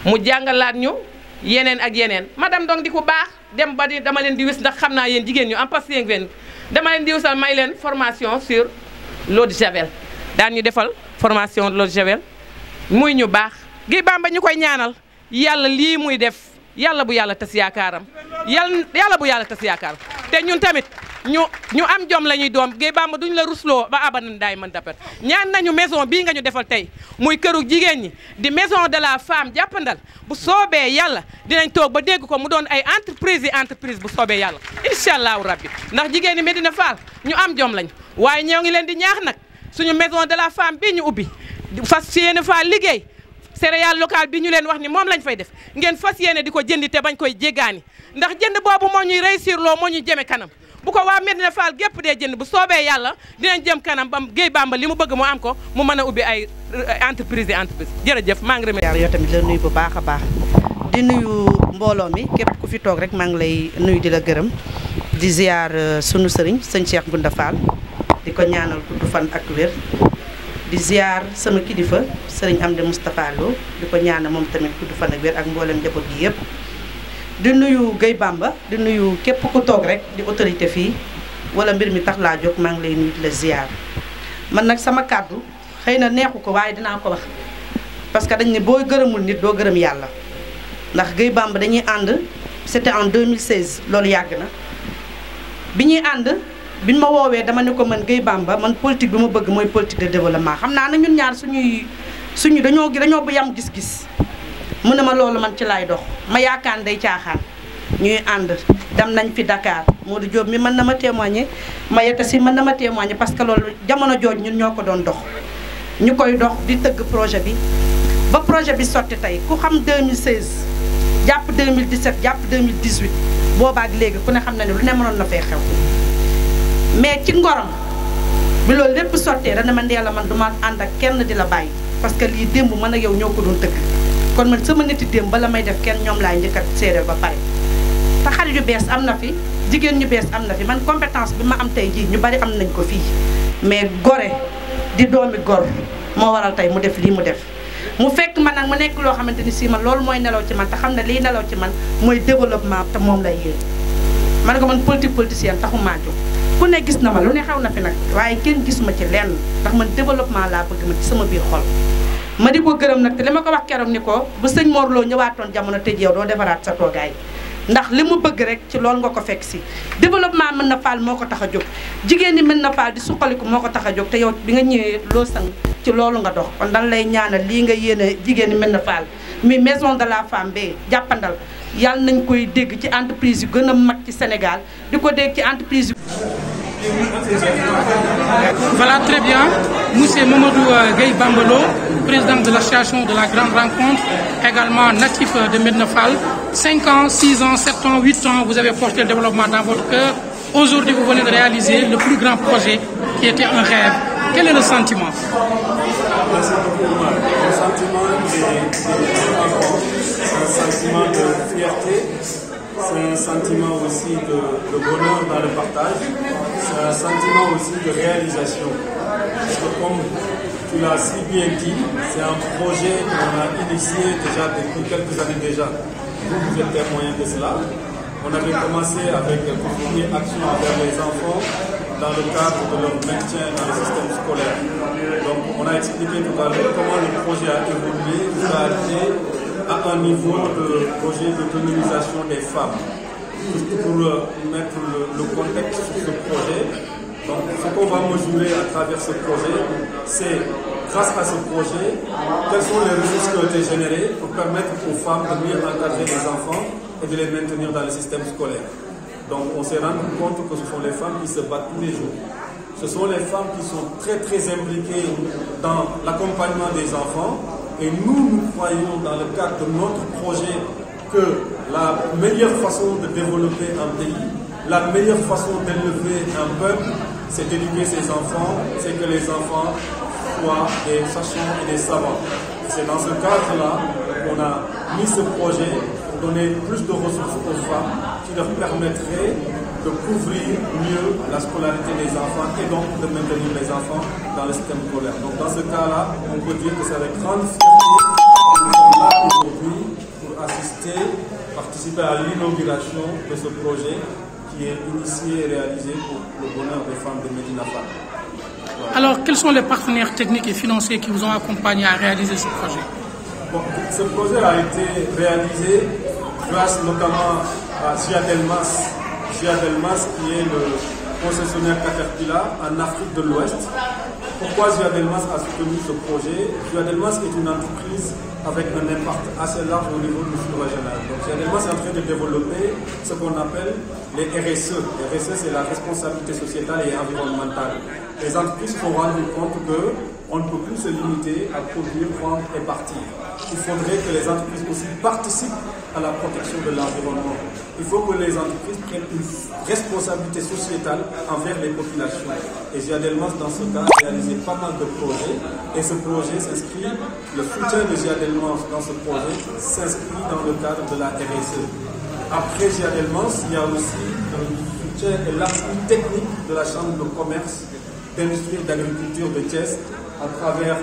G: mu jàngalaat ñu yeneen ak yeneen madame donc di ku baax dem ba di dama leen di wis ndax xam naa yéen jigéen ñu en passe ngeen dama leen di wisal may leen formation sur l'eau de javel daan ñu defal formation l'eau de javel muy ñu baax gi Bamba ñu koy ñaanal yàlla lii muy def yàlla bu yàlla tas yaakaaram yàlla yàlla bu yàlla tas yaakaaram te ñun tamit ñu ñu am jom la ñuy doom gi Bamba duñu la rusloo ba abadan daay mën dapet ñaan nañu maison bii nga ñu defal tey muy këru jigéen ñi di maison de la femme jàppandal bu soobee yàlla dinañ toog ba dégg ko mu doon ay entreprise yi entreprise bu soobee yàlla incha allahu rabbi ndax jigéen ñi Medina Fall ñu am jom lañ waaye ñoo ngi leen di ñaax nag suñu maison de la femme bii ñu ubbi fas yéene faa liggéey céréale locale bi ñu leen wax ni moom lañ fay def ngeen fas yéene di ko jëndi te bañ koy jéggaani ndax jënd boobu moo ñuy réussir loo moo ñuy jëme kanam bu ko waa Medina Fall gépp dee jënd bu soobee yàlla dinañ jëm kanam ba Guèye bàmba li mu bëgg mu am ko mu mën a ubbi ay entreprise di entreprise jërëjëf maa ngi remercié yow tamit la nuyu bu
H: baax a baax di nuyu mbooloo mi képp ku fi toog rek maa ngi lay nuyu di la gërëm di ziar euh, sunu sëriñ sëñ Cheikh Gounda Fall di ko ñaanal gudd fan di ziar sama kilifa sëriñ am Moustapha Lo di ko ñaana moom tamit gudd fan ak wér ak mboolem njaboot gi yëpp. di nuyu Guèye bàmba di nuyu képp ku toog rek di autorité fii wala mbir mi tax laa jóg maa ngi lay nuyu la ziar man nag sama kàddu xëy na neexu ko waaye dinaa ko wax parce que dañ ne boo gërëmul nit doo gërëm yàlla ndax Guèye Bamba dañuy ànd c'était en 2016 loolu yàgg na bi ñuy ànd. biñ ma woowee dama ne ko man Guèye ba man politique bi ma bëgg mooy politique de développement xam naa na ñun ñaar suñuy suñu dañoo dañoo bu yam gis-gis mu ne ma loolu man ci laay dox ma yaakaar day caaxaan ñuy ànd dem nañ fi Dakar Modou Diop mi mën na ma témoigner Mayeta si mën na ma témoigner parce que loolu jamono jooj ñun ñoo ko doon dox ñu koy dox di tëgg projet bi ba projet bi sotti tey ku xam 2016 jàpp 2017 jàpp 2018 boobaak léegi ku ne xam na ne ne mënoon na fee mais ci ngorom bi loolu lépp sottee dana man ndeel a man du ma ànd ak kenn di la bàyyi parce que lii démb man a yow ñoo ko doon tëgg kon man sama niti démb bala may def kenn ñoom laay njëkkat séeréer ba pare te xale yu bees am na fi jigéen ñu bees am na fi man compétence bi ma am tey jii ñu bari am nañ ko fii mais gore di doomi gor moo waral tey mu def lii mu def mu fekk man nag mu nekk loo xamante ni sii man loolu mooy nelaw ci man te xam ne lii nelaw ci man mooy développement te moom lay yéen man nga man politique politicienne taxu maa jóg ku ne gis na ma lu ne xaw na fi nag waaye kenn gisuma ci lenn ndax man développement laa bëgg ma ci sama biir xol ma di ko gërëm nag te li ma ko wax keroog ni ko bu sëñ Mor Lo ñëwaatoon jamono tëj yow doo defaraat sa toogaay ndax li mu bëgg rek ci loolu nga ko fekk si développement mën na faal moo ko tax a jóg jigéen ñi mën na faal di suqaliku moo ko tax a jóg te yow bi nga ñëwee loo sang ci loolu nga dox kon dan lay ñaanal lii nga yéene jigéen ñi mën na faal mi maison de la femme bee jàppandal yàlla nañ koy dégg ci entreprise yu gën a mag ci Sénégal di ko dégg ci entreprise yu
I: Voilà, très bien. Monsieur Mamadou euh, Gay Bambolo, président de l'association de la Grande Rencontre, également natif euh, de Mednefal. 5 ans, 6 ans, 7 ans, 8 ans, vous avez porté le développement dans votre Aujourd'hui, vous venez de réaliser le plus grand projet qui était un rêve. Quel est le sentiment Merci
E: beaucoup. Le sentiment, c'est un sentiment de
J: fierté c'est un sentiment aussi de, de dans le partage, c'est un sentiment aussi de réalisation. Parce comme tu l'as si c'est un projet qu'on a initié déjà depuis quelques années déjà. Vous, vous êtes témoin de cela. On avait commencé avec le comité Action envers les enfants dans le cadre de leur maintien dans le système scolaire. Donc on a expliqué tout à comment le projet a évolué, où ça a été, à un niveau de projet d'autonomisation des femmes. Juste pour euh, mettre le, le contexte sur ce projet, donc ce qu'on va mesurer à travers ce projet, c'est grâce à ce projet, quelles sont les ressources qui ont été générées pour permettre aux femmes de mieux encadrer les enfants et de les maintenir dans le système scolaire. Donc on s'est rendu compte que ce sont les femmes qui se battent tous les jours. Ce sont les femmes qui sont très très impliquées dans l'accompagnement des enfants Et nous, nous croyons dans le cadre de notre projet que la meilleure façon de développer un pays, la meilleure façon d'élever un peuple, c'est d'éduquer ses enfants, c'est que les enfants soient des sachants et des savants. C'est dans ce cadre-là qu'on a mis ce projet pour donner plus de ressources aux femmes qui leur permettraient de couvrir mieux la scolarité des enfants et donc de maintenir les enfants dans le système scolaire. Donc dans ce cas-là, on peut dire que c'est avec grande fierté que de ce projet qui est initié et réalisé pour le bonheur des femmes de Médina Fall. Alors,
I: quels sont les partenaires techniques et financiers qui vous ont accompagné à réaliser ce projet? a été
J: réalisé grâce notamment à Siatel Mas Via Delmas, qui est le concessionnaire Caterpillar en Afrique de l'Ouest. Pourquoi Via Delmas a soutenu ce projet Via Delmas est une entreprise avec un impact assez large au niveau du sud-régional. Donc Via est en train de développer ce qu'on appelle les RSE. Les RSE, c'est la responsabilité sociétale et environnementale. Les entreprises se rendent compte qu'on ne peut plus se limiter à produire, vendre et partir. il faudrait que les entreprises aussi participent à la protection de l'environnement. Il faut que les entreprises prennent une responsabilité sociétale envers les populations. Et Giadelmas, dans ce cas, a réalisé pas mal de projets. Et ce projet s'inscrit, dans le cadre de la RSE. Après Giadelmas, il y a aussi un soutien et l'appui technique de la Chambre de commerce, d'industrie d'agriculture de Thiès à travers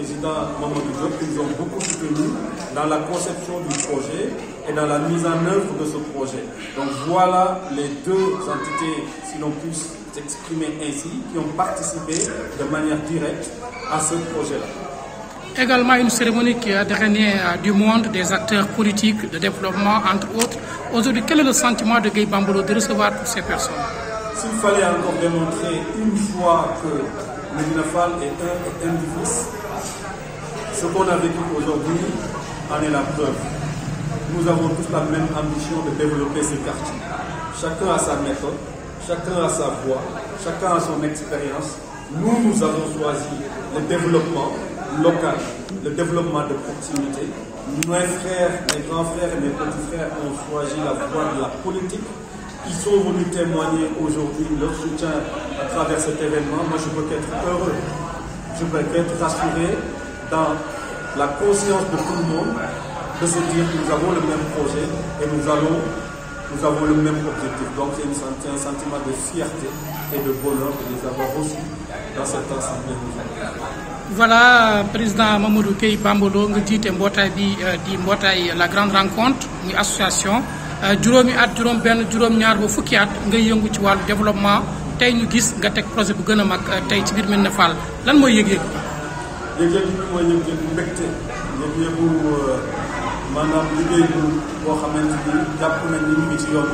J: président Mamadou Diop, ont beaucoup soutenu dans la conception du projet et dans la mise en œuvre de ce projet. Donc voilà les deux entités, si l'on peut s'exprimer ainsi, qui ont participé de manière directe à ce projet-là.
I: Également une cérémonie qui a drainé euh, du monde des acteurs politiques de développement, entre autres. Aujourd'hui, le sentiment de Guy recevoir toutes ces personnes
J: S'il fallait encore démontrer une fois que Medina Fall est un et indivisible. Ce qu'on a vécu aujourd'hui en la preuve. Nous avons tous la même ambition de développer ce quartier. Chacun a sa méthode, chacun a sa voix, chacun a son expérience. Nous, nous avons choisi le développement local, le développement de proximité. Mes frères, choisi la voie de la politique qui sont venus témoigner aujourd'hui leur soutien à travers cet événement, moi je peux qu'être heureux, je peux qu'être rassuré dans la conscience de tout le monde de se dire que nous avons le même projet et nous avons le même objectif. Donc c'est un sentiment de fierté et de bonheur de les avoir reçus dans cette assemblée
I: voilà président Mamadou Gueye Bambolo nga jiite mbootaay bi euh, di mbootaay la grande rencontre muy association Euh, juróomi at juróom benn juróom ñaar ba fukki at ngay yëngu ci wàllu développement tey ñu gis nga teg projet bu gën a mag euh, tey ci biir na Fall lan mooy yëg-yëg bi.
J: yëg-yëg yëg-yëg euh, bu boo xamante ni jàpp ci yoon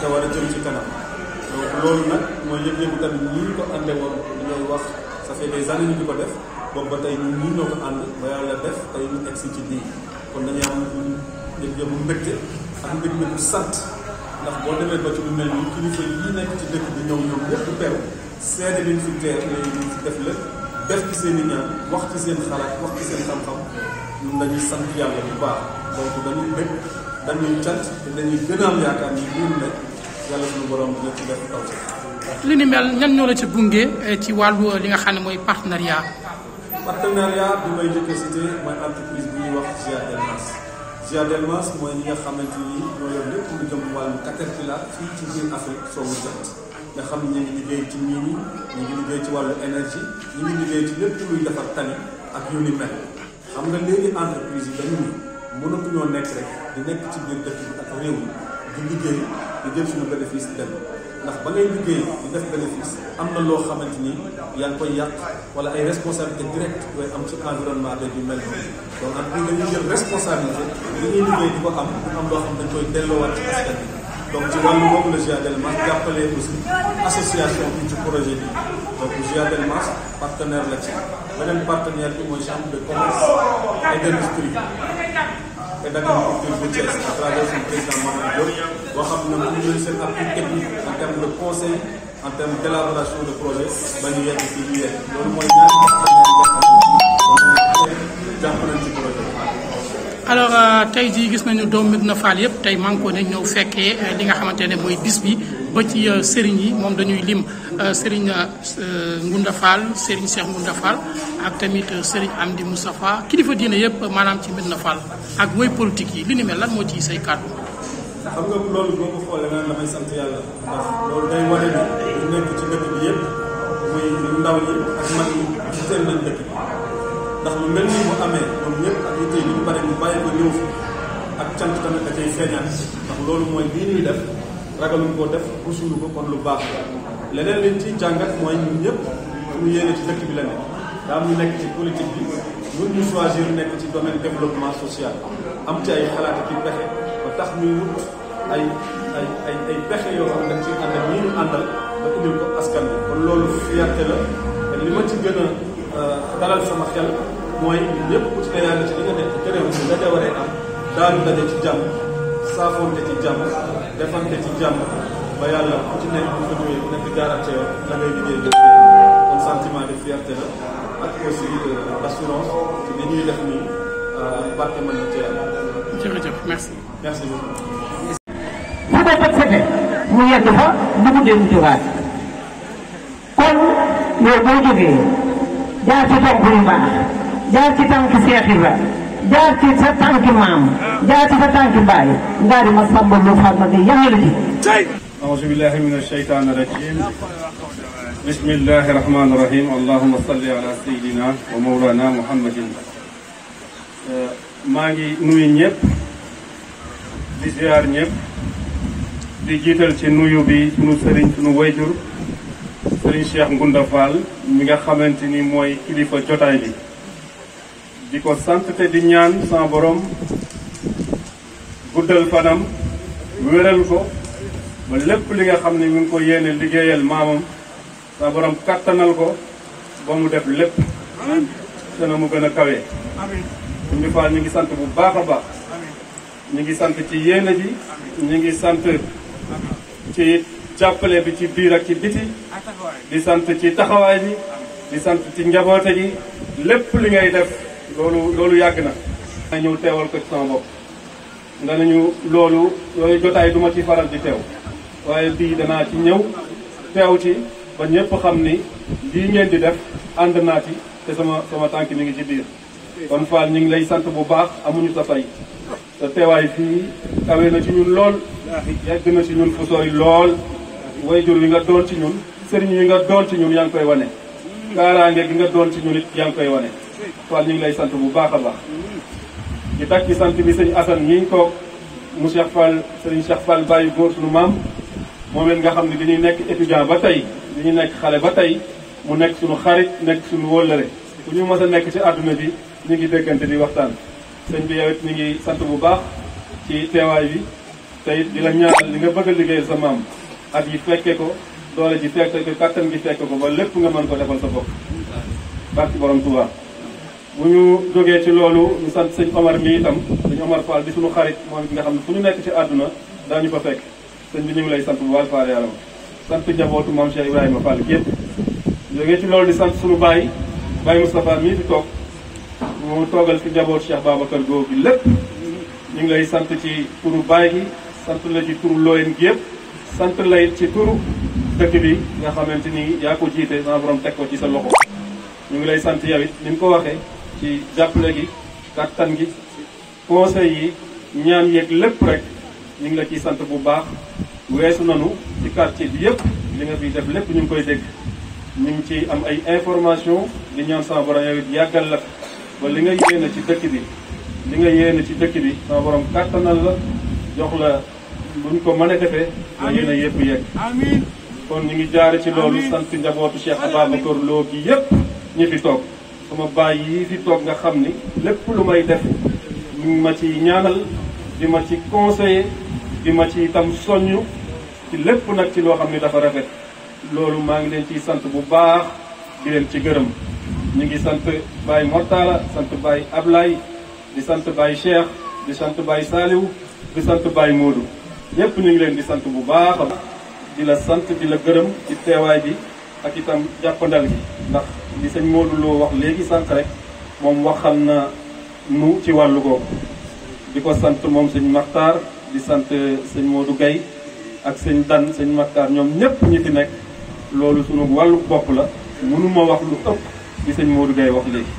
J: te war a jëm ci kanam nag mooy yëg-yëgu tamit ñi ñu ko ànde woon li ngay wax ça fait des années ñu di ko ànd ba yàlla def tey ñu egsi ci bii kon dañuy am yëg-yëgu mbégte. am mbir mi du sant ndax boo demee ba ci lu mel nii kilifa yi nekk ci dëkk bi ñëw ñoom lu teew seede liñ fi teer la def ci seen seen xalaat wax ci seen xam-xam ñun dañuy sant yàlla bu dañuy a am yaakaar ni ñun nag yàlla suñu ci
I: def ci gunge eh, ci li nga xam ne mooy partenariat.
J: partenariat bi may njëkk a cité mooy entreprise bu ñuy wax GAM. Jardin Mas mooy ñi nga xamante ni ñoo yor lépp lu jëm wàllu caterpillar fii ci biir Afrique soo wu jot nga xam ne ñu liggéey ci miin yi ñu ngi liggéey ci wàllu énergie ñu ngi liggéey ci lépp luy defar tali ak yu ni mel xam nga léegi entreprise yi dañu ni ñoo nekk rek di nekk ci biir dëkk bi ak réew mi di liggéey di jël suñu bénéfice dem. ndax ba ngay liggéey di def bénéfice am na loo xamante ni yaa ngi koy yàq wala ay responsabilité directe yooyu am ci environnement bi mel nii donc en plus dañuy jël responsabilité li ñuy liggéey di ko am ñu am loo xam dañ koy delloowaat ci askan bi donc ci wàllu boobu la GIADELMAS jàppale aussi association bi ci projet bi donc GIADELMAS partenaire la ci
E: beneen partenaire
J: bi mooy chambre de commerce et d'avenir culture bu Thiès à travers son président Mamadou Diop waxam na mu ñëw seen appui technique en termes de conseil en termes d'élaboration de projet ba ñu yegg fii ñu yegg loolu mooy ñaari
E: jàpp nañ ci projet
I: alors euh, tey jii gis nañu doom Médina Fall yëpp tey manko ne ñëw fekkee euh, li nga xamante ne mooy bis bi ba ci euh, sëriñ yi moom dañuy lim sëriñ Ngunda Fall sëriñ Cheikh Ngunda ak tamit sëriñ kilifa diine yëpp maanaam ci Médina Fall ak yi li ni mel lan moo ciy say kàddu.
J: loolu day wane ni nekk ci dëkk bi yëpp muy ndaw yi ak mag yi jiiteel nañ dëkk bi ndax lu mel ni mu amee. yitte yi ñu pare mu bàyyi ko ñëw fi ak cant tamit da cay feeñaat ndax loolu mooy lii ñuy def ragaluñ koo def usulu ko kon lu baax leneen liñ ciy jàngat mooy yëpp ñëpp ñu yéene ci dëkk bi la nekk daa am nekk ci politique bi ñun ñu choisir nekk ci domaine développement social am ci ay xalaat ki pexe ba tax ñuy wut ay ay ay ay pexe yoo xam ne ci ànd ak ñii ñu àndal ba indil ko askan bi kon loolu fierté la li ma ci gën a euh, dalal sama xel mooy ñëpp ku ci ne yaa ngi ci li nga nekk keneen si la ca waree am daanu daje ci jàmm saafoonte ci jàmm defante ci jàmm ba yàlla ku ci nekk bu fa ñëwee bu nekk garanti yow la ngay liggéey def kon sentiment de fierté la ak aussi euh, assurance ci li ñuy def nii euh, barke mën na cee am. jërëjëf
I: merci. merci beaucoup. fu ko fekk fete mu yegg fa bu mu
A: dem jógaat kon yow boo jógee jaar ci tomb yu baax jaar ci tànk Seex Ibra jaar ci sa tànk maam jaar
H: ci sa tànk baay ngaari ma sàmba lu faatma de yàlla ji
J: أعوذ بالله من الشيطان الرجيم بسم الله الرحمن الرحيم اللهم صل على سيدنا ومولانا محمد maa ngi nuyu ñëpp di ziar ñëpp di jiital ci nuyu bi sunu sëriñ sunu wayjur sëriñ Cheikh Ngunda Fall mi nga xamante ni mooy kilifa jotaay bi di ko sant te di ñaan sans borom guddal fanam wéral ko ba lépp li nga xam ni mi ngi ko yéene liggéeyal maamam sans borom kàttanal ko ba mu def lépp te na mu gën a kawe. ñu faal ñu ngi sant bu baax a baax ñu ngi sant ci yéene bi ñu ngi sant ci jàppale bi ci biir ak ci biti di sant ci taxawaay bi di sant ci njaboote gi lépp li ngay def loolu loolu yàgg na. dana ñëw teewal ko ci sama bopp ñu loolu yooyu jotaay du ma ci faral di teew waaye bii danaa ci ñëw teew ci ba ñëpp xam ni lii ngeen di def ànd naa ci te sama sama tànk mi ngi ci biir. kon Fall ñu ngi lay sant bu baax amuñu sa fay sa teewaay fii kawe na ci ñun lool yàgg na ci ñun fu sori lool wayjur yi nga doon ci ñun sëriñ yi nga doon ci ñun yaa ngi koy wane. kaaraange gi nga doon ci ñun it yaa ngi koy wane. waaw ñu lay sant bu baax a baax. di tag ci sant bi sëñ Assane mi ko mu Cheikh Fall sëñ Cheikh Fall bàyyi góor suñu maam moom it nga xam ne dañuy nekk étudiant ba tey bi dañuy nekk xale ba tey mu nekk suñu xarit nekk suñu wóllare bu ñu mës a nekk ci àdduna bi ñu ngi déggante di waxtaan. sëñ bi yow ñu ngi sant bu baax ci teewaay bi tey di la ñaanal li nga bëgg a liggéey sa maam at yi fekke ko doole ji fekk ko kàttan gi fekk ko ba lépp nga mën ko defal sa bopp barki borom Tuubaa bu ñu jógee ci loolu ñu sant sëñ Omar mi itam sëñ Omar Fall di suñu xarit moom it nga xam ne fu ñu nekk ci àdduna daañu fa fekk sëñ bi ñu ngi lay sant bu baax Fall yaram sant njabootu maam Cheikh Ibrahima Fall gépp jógee ci loolu di sant suñu baay baay Moustapha mii fi toog mu toogal fi njabootu Cheikh Babacar Góob bi lépp ñu ngi sant ci turu baay gi sant la ci turu looyeen gi sant lay ci turu dëkk bi nga xamante ni yaa ko jiite sama borom teg ko ci sa loxo ñu ngi lay sant yow it ni ko waxee ci jàppale gi kàttan gi conseil yi ñaan yeeg lépp rek ñu ngi la ciy sant bu baax weesu nanu ci quartier bi yëpp li nga fi def lépp ñu ngi koy dégg ñu ngi ci am ay information di ñaan sama borom yow it yàggal la ba li nga yéene ci dëkk bi li nga yéene ci dëkk bi sama borom kàttanal la jox la buñ ko mën defee nga yéene yëpp yegg kon ñu ngi jaare ci loolu sant njabootu Cheikh Ababacar Lo gi yëpp ñu fi toog sama bàyyi yii fi toog nga xam ni lépp lu may def ñu ma ci ñaanal di ma ci conseiller bi ma ci itam soññ ci lépp nag ci loo xam ni dafa rafet loolu maa ngi leen ciy sant bu baax di leen ci gërëm ñu ngi sant Baye Mortala sant Baye Ablaye di sant Baye Cheikh di sant bàyyi Saliou di sant Baye Modou ñëpp ñu ngi leen di sant bu baax di la sant di la gërëm ci teewaay bi ak itam jàppandal gi ndax li sëñ Modou loo wax léegi sant rek moom xam na nu ci wàllu googu di ko sant moom sëñ Maxtaar di sant sëñ Modou Guèye ak sëñ Dan sëñ Maxtaar ñoom ñépp ñi di nekk loolu sunu wàllu bopp la mënuma wax lu ëpp li sëñ Modou gay wax léegi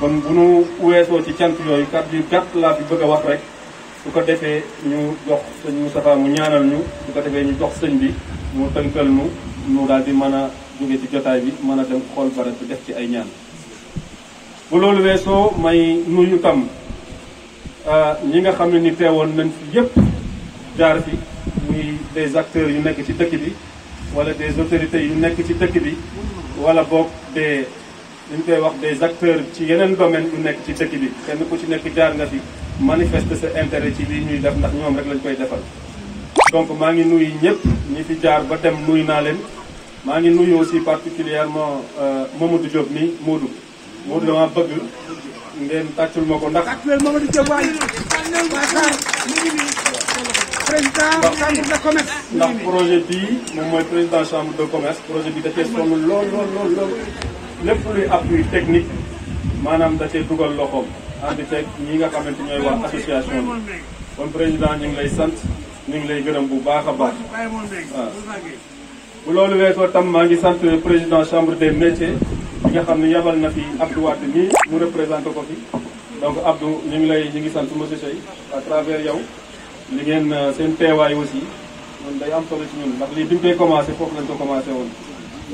J: kon bu nu weesoo ci cant yooyu kàddu yu gàtt laa fi bëgg a wax rek su ko defee ñu dox sëñ Moustapha mu ñaanal ñu su ko defee ñu dox sëñ bi mu tënkal nu nu daal di jóge ci jotaay bi mën a dem xool barab bi def ci ay ñaan bu loolu weesoo may nuyu tam euh, ñi nga xam ne ni teewoon nañ fi yëpp jaar fi muy des acteurs yu nekk ci dëkk bi wala des autorités yu nekk ci dëkk bi wala boog des li koy wax des acteurs ci yeneen domaine yu nekk ci dëkk bi kenn ku ci nekk jaar nga fi manifester sa intérêt ci lii ñuy def ndax ñoom rek lañ koy defal donc maa ngi nuyu ñëpp ñi fi jaar ba dem nuyu naa leen maa ngi nuyu aussi particulièrement euh, Mamadou Diop nii Modou Modou dama bëgg ngeen tàccul ma ko ndax. actuel Mamadou Diop waaye. président chambre de commerce. ndax projet bii moom mooy président chambre de commerce projet bi da cee sonn lool lool lool lool. lépp luy appui technique maanaam da cee dugal loxo ànd teg ñi nga xamante ñooy waa association bi kon président ñu ngi lay sant ñu ngi lay gërëm bu baax a baax bu loolu weesoo tam maa ngi sant président chambre de métiers bi nga xam ne yabal na fi Abdou Wade nii mu représenté ko fi donc Abdou ñu ngi lay ñu ngi sant monsieur Seye à travers yow li ngeen euh, seen teewaay aussi ñun day am solo ci ñun ndax lii bi ñu koy commencé foofu lañ ko commencé woon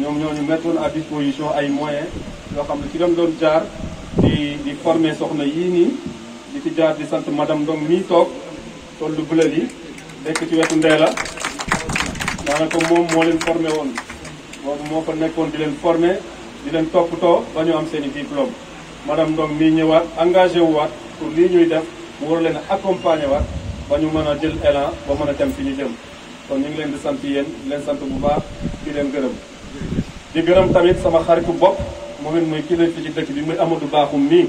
J: ñoom ñoo ñu mettoon à disposition ay moyens yoo xam ne ci doon doon jaar di di former soxna yii nii di ci jaar di sant madame Ndong mii toog sol lu bële yi nekk ci wetu Ndéla daanaka moom moo leen formé woon boobu moo ko nekkoon di leen formé di leen toppatoo ba ñu am seen i diplôme madame Ndong mii ñëwaat engagé wu waat pour lii ñuy def mu war leen accompagner waat ba ñu mën a jël élan ba mën a dem fi ñu jëm kon ñu ngi leen di sant yéen di leen sant bu baax di leen gërëm. di gërëm tamit sama xaritu bopp moom it muy kilifa ci dëkk bi muy amatu Bakhoum mii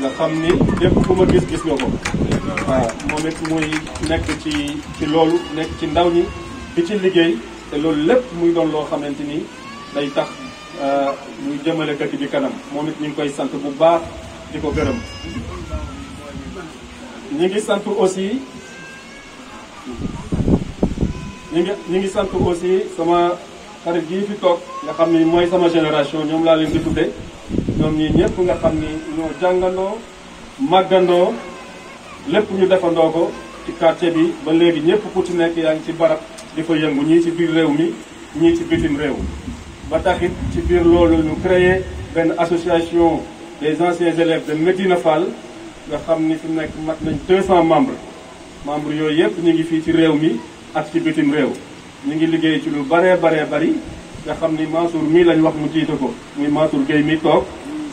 J: nga xam ni lépp ku ma gis gis nga ko waaw moom it muy nekk ci ci loolu nekk ci ndaw ñi. bi ci liggéey te loolu lépp muy doon loo xamante ni day tax euh, muy jëmale dëkk bi kanam moom it ñu ngi koy sant bu baax di ko gërëm. ñu ngi sant aussi ñu ngi ñu ngi sant aussi sama xarit gii fi toog nga xam ni mooy sama génération ñoom laa leen di tudde ñoom ñii ñëpp nga xam ni ñoo jàngandoo màggandoo lépp ñu defandoo ko ci quartier bi ba léegi ñëpp ku ci nekk yaa ngi ci barab. di fa yëngu ñii ci biir réew mi ñii ci bitim réew ba taxit ci biir loolu ñu créé benn association des anciens élèves de Medina Fall nga xam ni fi nekk mat nañ 200 membres membres yooyu yëpp ñu ngi fii ci réew mi ak ci bitim réew ñu ngi liggéey ci lu baree baree bari nga xam ni Mansour mii lañ wax mu jiita ko muy Mansour Gueye mi toog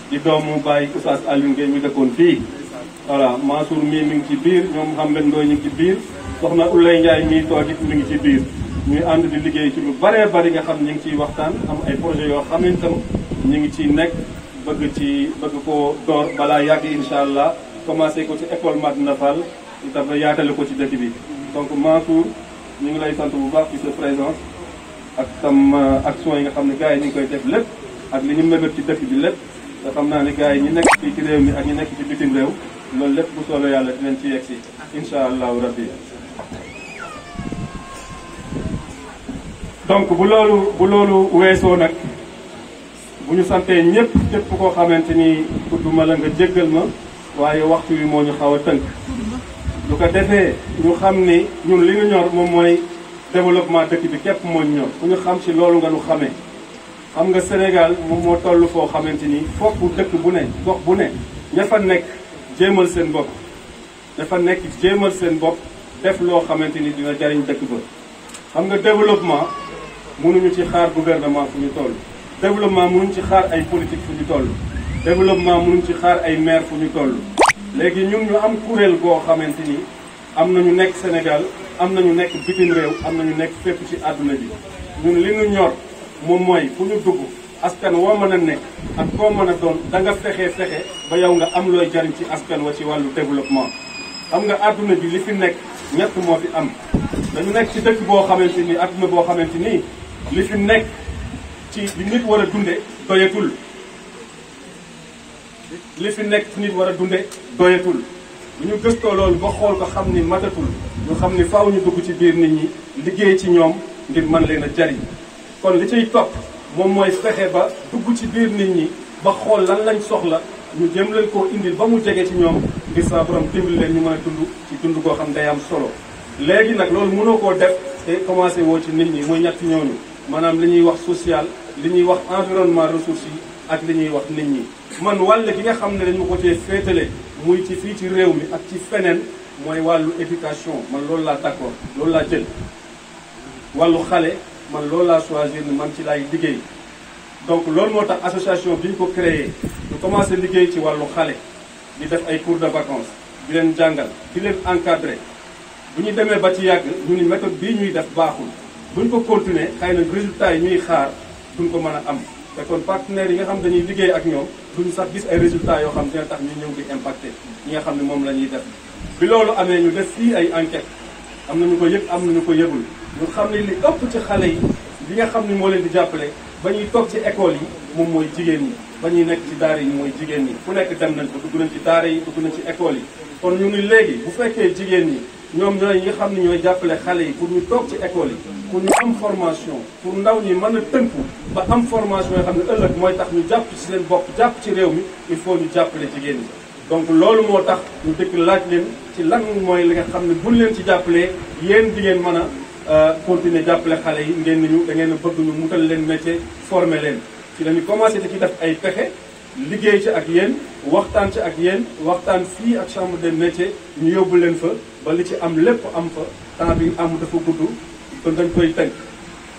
J: di doom doomu bàyyi Oustaz Alioune Gueye mi dëkkoon fii voilà Mansour mii mi ngi ci biir ñoom Mouhamed Ndoye ñu ngi ci biir soxna Ulay Ndiaye mii toog it mi ngi ci biir ñuy ànd di liggéey ci lu baree bari nga xam ñu ngi ciy waxtaan am ay projet yoo xam ne itam ñu ngi ciy nekk bëgg ci bëgg koo door balaa yàgg incha allah commencé ko ci école Madina Fall itam yaatale ko ci dëkk bi donc Mansour ñu ngi lay sant bu baax ci sa présence ak tam euh, action yi nga xam ne gaa yi ñu ngi koy def lépp ak li ñu mébét ci dëkk bi lépp te xam naa ni gars yi ñu nekk fii ci mi ak nekk ci bitim réew loolu lépp bu soobee yàlla dinañ ci yegg si incha allahu rabbi donc bu loolu bu loolu weesoo nag bu ñu santee ñëpp képp koo xamante ni tudduma la nga jéggal ma waaye waxtu wi moo ñu xaw a tënk lu ko defee ñu xam ni ñun li ñu ñor moom mooy développement dëkk bi képp moo ñu ñor ku ñu xam si loolu nga nu xamee xam nga Sénégal moom moo toll foo xamante ni fokk dëkk bu ne gox bu ne ña fa nekk jéemal seen bopp dafa nekk jéemal seen bopp def loo xamante ni dina jariñ dëkk ba xam nga développement mënuñu ci xaar gouvernement fu ñu toll développement mënuñu ci xaar ay politique fu ñu toll développement mënuñu ci xaar ay maire fu ñu toll léegi ñun ñu am kuréel goo xamante ni am na ñu nekk Sénégal am na ñu nekk bitim réew am na ñu nekk fépp ci àdduna bi ñun li ñu ñor moom mooy fu ñu dugg askan woo mën a nekk ak koo mën a doon danga nga fexe fexe ba yow nga am looy jariñ ci askan wa ci wàllu développement xam nga àdduna bi li fi nekk ñett moo fi am dañu nekk ci dëkk boo xamante ni adduna boo xamante ni li fi nekk ci li nit war a dunde doyatul li fi nekk ci war a dunde doyatul ñu gëstoo loolu ba xool ko xam ni matatul lu xam ni faw ñu dugg ci biir nit ñi liggéey ci ñoom ngir mën leen a jariñ kon li ciy topp moom mooy fexe ba dugg ci biir nit ñi ba xool lan lañ soxla ñu jëm leen koo indil ba mu jege ci ñoom ngir saa borom ñu mën a ci dund koo xam day am solo léegi nag loolu mënoo koo def te commencé woo ci nit ñi mooy ñett ñooñu maanaam li ñuy wax social li ñuy wax environnement ressources yi ak li ñuy wax nit ñi man wàll gi nga xam ne dañu ko cee féetale muy ci fii ci réew mi ak ci feneen mooy wàllu éducation man loolu laa d'accord loolu laa jël xale man loolu laa choisir ni man ci laay liggéey donc loolu moo tax association bi ñu ko créé lu commencé liggéey ci wàllu xale di def ay cours de vacances di leen jàngal di leen encadré bu ñu demee ba ci yàgg ñu ni méthode bii ñuy def baaxul bu ñu ko continuer xay na résultats yi ñuy xaar duñ ko mën a am te kon partenaires yi nga xam dañuy liggéey ak ñoom duñu sax gis ay résultats yoo xam dina tax ñu ñëw di impacté ñi nga xam ne moom la ñuy def bi loolu amee ñu def fii am na ñu ko yëg am nañu ko yëgul ñu xam ne li ëpp ci xale yi li nga xam ni moo leen di jàppale ba ñuy toog ci école yi moom mooy jigéen ñi ba ñuy nekk ci daara yi mooy jigéen ñi fu nekk dem nañ ko dugg nañ ci daara yi dugg nañ ci école yi kon ñu ngi léegi bu fekkee jigéen ñi ñoom ñooy ñi nga xam ne ñooy jàppale xale yi pour ñu toog ci école yi pour ñu am formation pour ndaw ñi mën a tënku ba am formation yoo xam ne ëllëg mooy tax ñu jàpp ci seen bopp jàpp ci réew mi il faut ñu jàppale jigéen ñi donc loolu moo tax ñu dëkk laaj leen ci lan mooy li nga xam ne bul leen ci jàppalee yéen bi ngeen mën a euh, continuer jàppale xale yi ngeen ni ñu da ngeen bëgg ñu mutal leen métier former leen ci lañu commencé di ci def ay pexe liggéey ci ak yéen waxtaan ci ak yéen waxtaan fii ak chambre de métiers ñu yóbbu leen fa ba li ci am lépp am fa temps bi am dafa gudd kon dañ koy tënk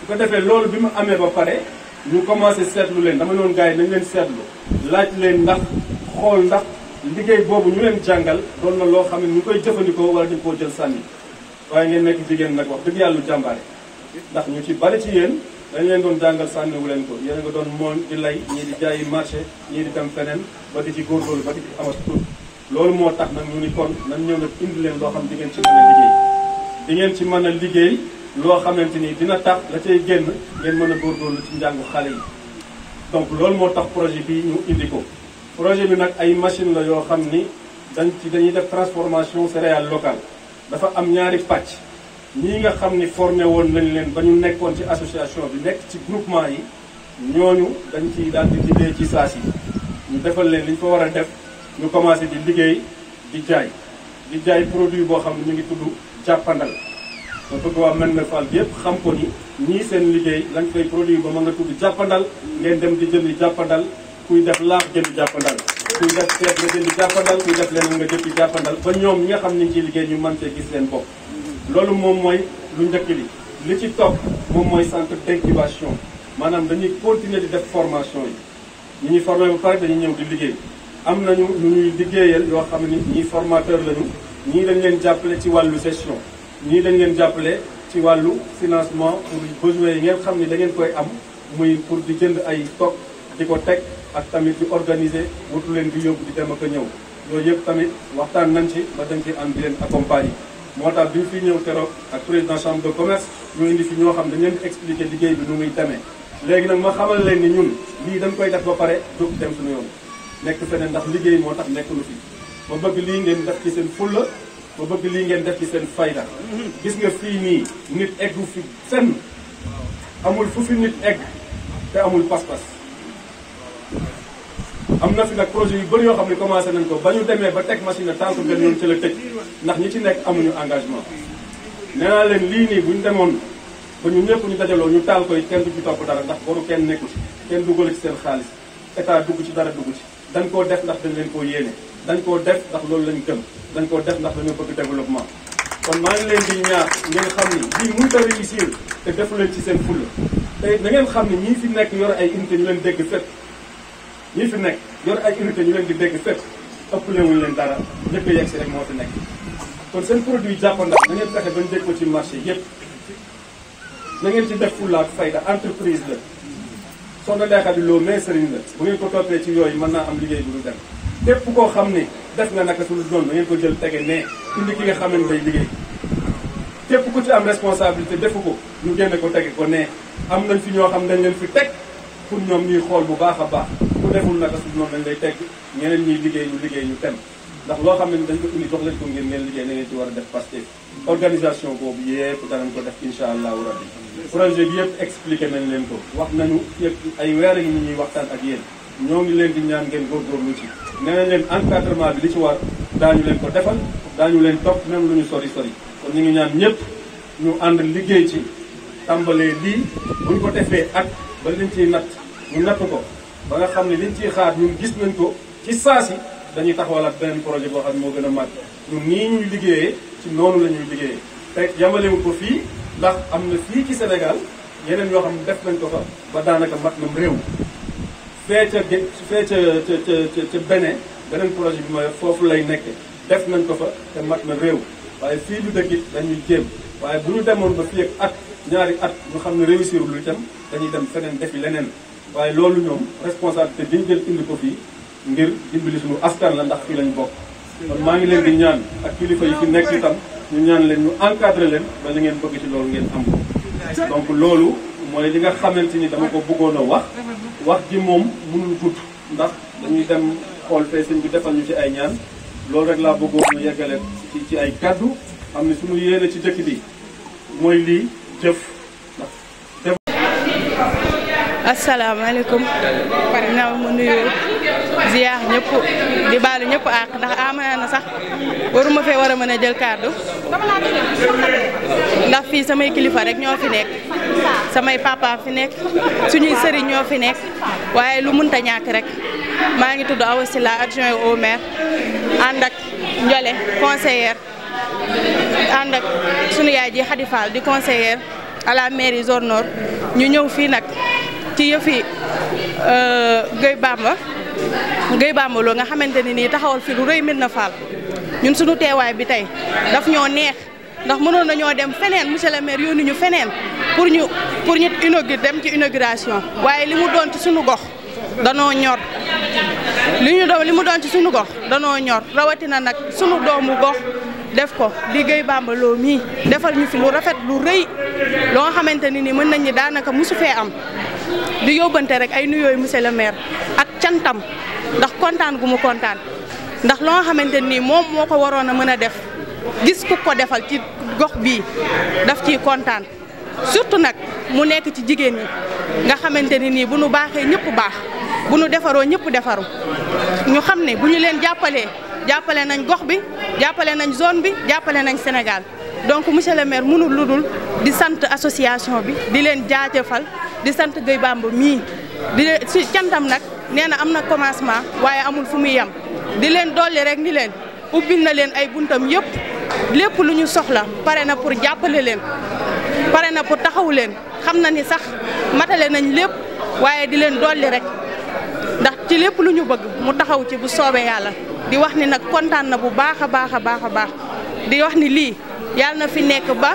J: su ko defee loolu bi mu amee ba pare ñu commencé seetlu leen dama noonu gars yi nañ leen seetlu laaj leen ndax xool ndax liggéey boobu ñu leen jàngal loolu na loo xam ne ñu koy jëfandikoo wala ñu koo jël sànni waaye ngeen nekk jigéen nag wax dëgg yàlla jàmbaare ndax ñu ci bari ci yéen dañ leen doon jàngal sànni leen ko yéen a nga doon moon di lay ñii di jaayi marché ñii di dem feneen ba di ci ba di ci amat loolu moo tax nag ñu ni kon nan ñëw nag indi leen loo xam di ngeen ci mën a liggéey di ngeen ci mën a liggéey loo xamante ni dina tax la cay génn leen mën a góorgóorlu ci njàngu xale yi donc loolu moo tax projet bi ñu indi ko projet bi nag ay machine la yoo xam ni dañ ci dañuy def transformation céréale locale dafa am ñaari pàcc ñii nga xam ni formé woon nañ leen ba ñu nekkoon ci association bi nekk ci groupement yi ñooñu dañ ciy daal di liggéey ci saa si ñu defal leen li ñu fa war a def ñu commencé di liggéey di jaay di jaay produit boo xam ne ñu ngi tudd jàppandal ma bëgg waa mel na Fall bi yëpp xam ko ni ñii seen liggéey lañ koy produit ba ma nga tudd jàppandal ngeen dem di jëndi jàppandal kuy def laa jënd jàppandal kuy def seet nga jënd jàppandal kuy def leneen nga jënd jàppandal ba ñoom ñi nga xam ne ñu ciy liggéey ñu mën see gis leen bopp loolu moom mooy lu njëkk bi li ci topp moom mooy centre d'incubation maanaam dañuy continuer di def formation yi ñu ñuy formé ba pare dañuy ñëw di liggéey am nañu lu ñuy liggéeyal yoo xam ni ñii formateur lañu ñii dañ leen jàppale ci wàllu gestion ñii dañ leen jàppale ci wàllu financement pour besoins yi ngeen xam ni da ngeen koy am muy pour di jënd ay toog di ko teg ak tamit di organiser wutu leen di yóbbu di dem ak a ñëw yooyu yëpp tamit waxtaan nañ ci ba dañ ci am di leen accompagner moo tax bi fi ñëw keroog ak président chambre de commerce ñu indi fi ñoo xam dañ leen di expliquer liggéey bi nu muy demee léegi nag ma xamal leen ni ñun lii dañ koy def ba pare jóg dem suñu yoon nekk feneen ndax liggéey moo tax nekkulu lu fi ma bëgg lii ngeen def ci seen fulla ma bëgg lii ngeen def ci seen fayda gis nga fii nii nit eggu fi fenn amul fu fi nit egg amul pas am na fi nag projet yu bëri yoo xam ne commencé nañ ko ba ñu demee ba teg machine tànk benn yoon ci la tëj ndax ñi ci nekk amuñu engagement nee naa leen lii nii bu ñu demoon ba ñu nekkuñu ñu dajaloo ñu taal koy kenn du ci topp dara ndax boru kenn nekku ci kenn dugal ci seen xaalis état dugg ci dara dugg ci dañ koo def ndax dañ leen koo yéene dañ koo def ndax loolu lañ gëm dañ koo def ndax dañoo bëgg développement kon maa leen di ñaar ngeen xam ni lii mënut a réussir te defu leen ci seen fulla te ngeen xam ne ñii fi nekk yor ay unité ñu leen dégg ñi fi nekk yor ay unité ñu leen di dégg fépp ëppalewuñ leen dara ñëpp yegg si rek moo fi nekk kon seen produit jàppandax na ngeen fexe ba ñu dégg ko ci marché yëpp na ngeen ci def fulla fay fayda entreprise la soxna Ndeye bi loo mais sëriñ la bu ngeen ko toppee ci yooyu mën naa am liggéey bu du dem képp koo xam ne def nga naka su lu doon na ko jël tege ne indi ki nga xam ne day liggéey képp ku ci am responsabilité defu ko ñu génne ko tege ko ne am nañ fi ñoo xam dañ leen fi teg pour ñoom ñuy xool bu baax a baax ku deful naka su noonu dañ lay tegg ñeneen ñuy liggéey ñu liggéey ñu tem ndax loo xam ne dañ ko indi jox leen ko ngeen ngeen liggéey na ngeen ci war a def Pastef organisation boobu yëpp danañ ko def insha allahu rabbi projet bi yëpp expliqué nañ leen ko wax nañu yëpp ay weer yi ni ñuy waxtaan ak yéen ñoo ngi leen di ñaan ngeen góorgóorlu ci nee nañ leen encadrement bi li ci war daañu leen ko defal daañu leen topp même lu ñu sori sori kon ñu ngi ñaan ñëpp ñu ànd liggéey ci tàmbalee lii buñ ko defee ak ba liñ ciy natt ñu natt ko ba nga xam ne liñ ciy xaar ñun gis nañ ko ci saa si dañuy taxawalaat beneen projet boo xam ne moo gën a màgg ñun nii ñuy liggéeyee ci noonu la ñuy liggéeyee te yamalewu ko fii ndax am na fii ci Sénégal yeneen yoo xam ne def nañ ko fa ba daanaka mat nam réew fee ca gé fee ca ca ca beneen beneen projet bi ma foofu lay nekk def nañ ko fa te mat na réew waaye fii lu dëkk it dañuy jéem waaye bu ñu demoon ba fii ak at ñaari at ñu xam ne réussir lu itam dañuy dem feneen yi leneen waaye loolu ñoom responsabilité bi ñu jël indi ko fii ngir dimbali suñu askan la ndax fii lañ bokk. maa ngi leen di ñaan ak kilifa yi fi nekk itam ñu ñaan leen ñu encadré leen ba li ngeen bëgg ci loolu ngeen am ko donc loolu mooy li nga xamante ni dama ko bëggoon a wax wax ji moom mënul gudd ndax dañuy dem xool fee sëñ bi defal ñu ci ay ñaan loolu rek laa bëggoon ñu yeggale ci ci ay kaddu xam ne suñu yéene ci dëkk bi mooy lii. jëf.
K: asalaamaaleykum. na mu nuyu ziar ñëpp di baalu ñëpp àq ndax amaana sax waruma fee war a mën a jël kàddu ndax fii samay kilifa rek ñoo fi nekk samay papa fi nekk suñuy sëriñ ñoo fi nekk waaye lu mënta ñàkk rek maa ngi tudd Awa Sylla adjoint au maire ànd ak Ndiolé conseillère. ànd sunu yaay ji Khady Fall di conseillère à la mairie zone ñu ñëw fii nag ci yëfi euh, Gueye Bamba Gueye Bamba loo nga xamante ni nii taxawul fi lu rëy na Fall ñun sunu teewaay bi tey daf ñoo neex ndax mënoon nañoo dem feneen monsieur le maire yónni ñu feneen pour ñu pour ñu inauguré dem ci inauguration waaye li mu doon ci sunu gox danoo ñor li ñu doon li mu doon ci sunu gox danoo ñor rawatina nag sunu doomu gox def ko di Bamba bàmbaloo mii defal ñu fi lu rafet lu rëy loo xamante ni ni mën nañ ñi daanaka mosu fee am di yóbbante rek ay nuyooyu monsieur le maire ak cantam ndax kontaan gu mu kontaan ndax loo xamante ni moom moo ko waroon a mën a def gis ku ko defal ci gox bii daf ciy kontaan surtout nag mu nekk ci jigéen ñi nga xamante ni nii bu nu baaxee ñëpp baax bu nu defaroo ñëpp defaru ñu xam ne bu ñu leen jàppalee jàppale nañ gox bi jàppale nañ zone bi jàppale nañ Sénégal donc monsieur le maire mënul lu dul di sant association bi di leen jaajafal di sant Gueye Bamba mii di leen cantam nag nee na am na commencement waaye amul fu muy yem di leen dolli rek ni leen ubbil na leen ay buntam yëpp lépp lu ñu soxla pare na pour jàppale leen pare na pour taxaw leen xam na ni sax matale nañ lépp waaye di leen dolli rek ndax ci lépp lu ñu bëgg mu taxaw ci bu soobee yàlla di wax ni nag kontaan na bu baax a baax a baax a baax di wax ni lii yàlla na fi nekk ba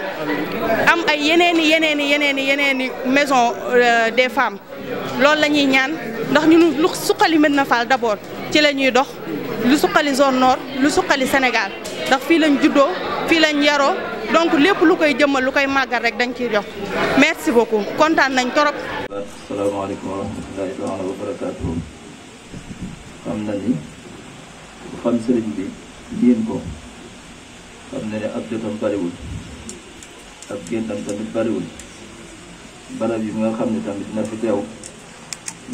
K: am ay yeneen i yeneen i yeneen yeneen i maison euh, des femmes loolu la ñuy ñaan ndax ñun lu suqali Médina Fall d'abord ci la ñuy dox lu suqali zone nord lu suqali Sénégal ndax fii lañ juddoo fii lañ yaroo donc lépp lu koy jëmmal lu koy màggal rek dañ ciy jox merci beaucoup kontaan nañ
L: torop asalaamaaleykum wa fan sëriñ bi diin ko xam ne ne ab jotam bariwul ab génnam tamit bariwul barab yi nga xam ne tamit nag fi teew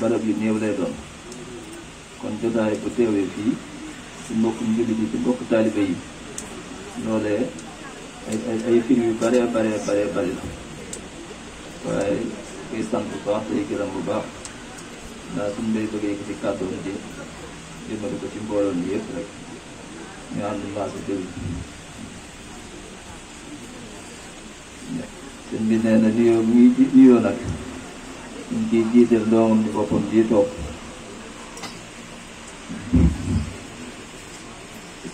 L: barab yu néew lay doon kon jotaay bu teewee fii ci mbokkum jullit yi ci mbokk taalibe yi loolee ay ay ay fir yu bare bare bare bari la waaye koy sant bu baax tey gërëm bu baax ndaa suñ bay bëggee gi ci kàddoon jëmale ko ci mbooloo mi yëpp rek ñu ànd maas a jëriñ sëñ bi nee na nuyoo muy nuyoo nag ñu ngi ciy jiital doomam di boppam di toog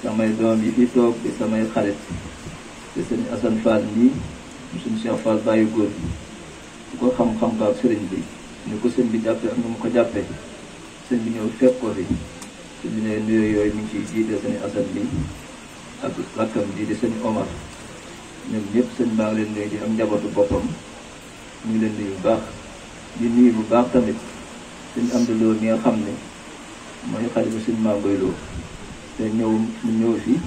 L: samay doom yi di toog di samay xarit te sëñ Assane Fall nii mu suñ Cheikh Fall bàyyi góor bi bu ko xam-xam ko ak bi ñu ko sëñ bi jàppee ak mu ko jàppee sëñ bi ñëw fekk ko fi bi ne nuyoo yooyu mi ci ciy jiite sëñ Assane bi ak rakkam bi di sëñ Omar ñoom ñëpp sëñ baa ngi leen nuyu njabootu boppam ñu leen nuyu bu baax di nuyu bu baax tamit sëñ Amdi Lo mi nga xam ne mooy xalifa sëñ Mame Boye Lo te ñëw mu ñëw fii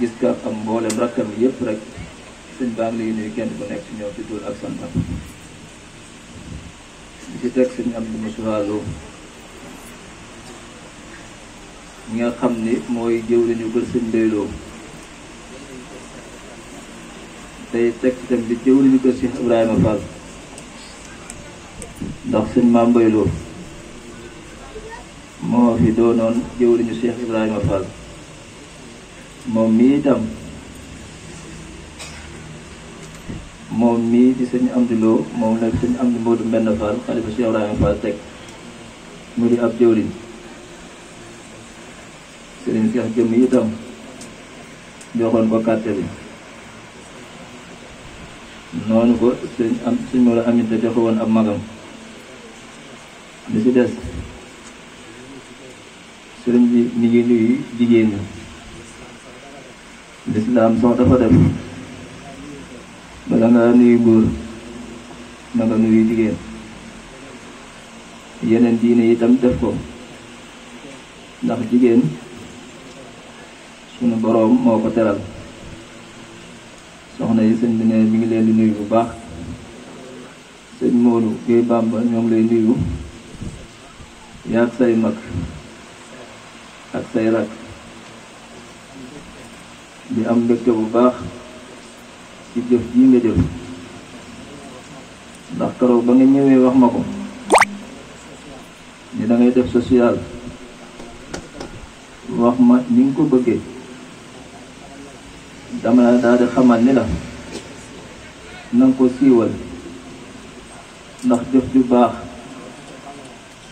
L: gis ka am mboolem rakkam yëpp rek sëñ baa ngi lay nuyu kenn ku nekk ci ñëw ci tur ak santam di ci teg sëñ Amdi Moussa Lo ñi nga xam ni mooy jëwriñu kër sëñ Ndeyloo tey teg tam bi jëwriñu kër Cheikh Ibrahima Fall ndax sëñ Maam Mbayloo moo fi doonoon jëwriñu Cheikh Ibrahima Fall moom mii itam moom mii di sëñ Amdi Lo moom la sëñ Amdi Modou Mbenn Fall xalifa Cheikh Ibrahima Fall teg mu di ab jëwriñ sëriñ Seex jëm itam joxoon ko kàtte bi noonu ko sëñ am sëñ Moodu Amit da joxe woon ab magam li si des sëriñ bi mi ngi nuyu jigéen ñi lislaam sax dafa def bala nga nuyu góor na nga nuyu jigéen yeneen diine itam def ko ndax jigéen sunu boroom moo ko teral soxna yi sëñ bi ne mi ngi leen di nuyu bu baax sëñ Modou Guèye Bamba ñoo ngi lay nuyu yaag say mag ak say rak di am mbégte bu baax ci jëf ji nga jëf ndax keroog ba nga ñëwee wax ma ko ni dangay def social wax ma ni nga ko bëggee dama la daal di xamal ni la na ko siiwal ndax jëf ju baax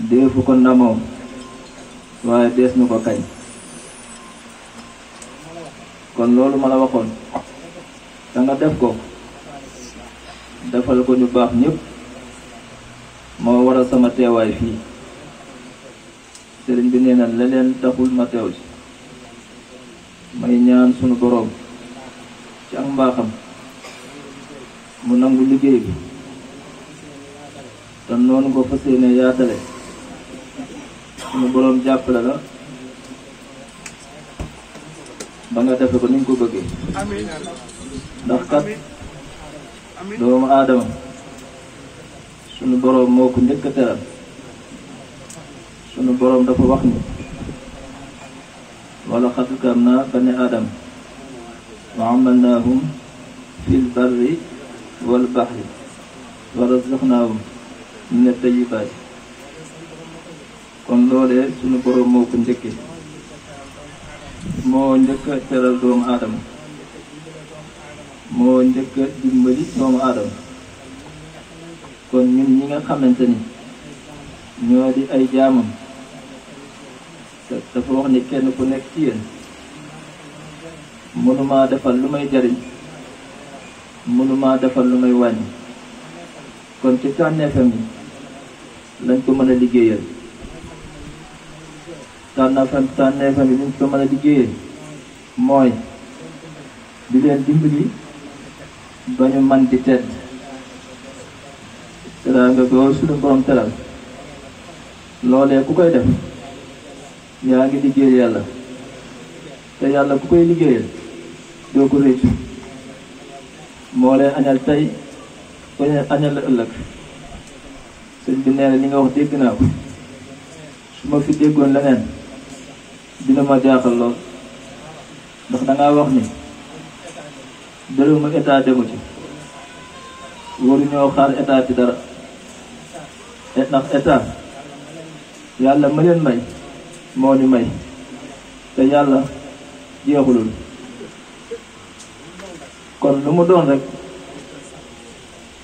L: deefu ko ndamoom waaye dees mu ko kañ kon loolu ma la waxoon danga def ko defal ko ñu baax ñépp moo waral sama teewaay fii sëriñ bi nee na leneen taxul ma teew ci may ñaan sunu boroom ci am mbaaxam mu nangu liggéey bi te noonu ko fas yéene yaatale suñu boroom jàppale la ba nga defe ko ni nga ko bëggee ndax kat doomu aadama sunu boroom moo ko njëkk a teral boroom dafa wax ni wala xatukaam naa bani aadama wa amalnaahum fi lbarri walbahri wa razaqnaahum min at-tayyibaati kon loolee sunu boroom moo ko njëkke moo njëkk a teral doomu aadama moo njëkk a dimbali doomu aadama kon ñun ñi nga xamante ni ñoo di ay jaamam te dafa wax ni kenn ku nekk ci yéen mënumaa defal lu may jariñ mënumaa defal lu may wàññi kon ci tànneefam yi lañ ko mën a liggéeyal tànneefam tànneefam yi lañ ko mën a liggéeyal mooy di leen dimbali ba ñu man di tedd teraanga ko suñu borom teral loolee ku koy def yaa ngi liggéey yàlla te yàlla ku koy liggéeyal doo ko réccu moo leen añal tey ko leen añal la ëllëg sëñ bi nee na li nga wax dégg naa ko su ma fi déggoon leneen dina ma jaaxal lool ndax dangaa wax ni dërëmu état demu ci waruñoo xaar état ci dara e, ndax état yàlla ma leen may moo ni may te yàlla jeexulul kon lu mu doon rek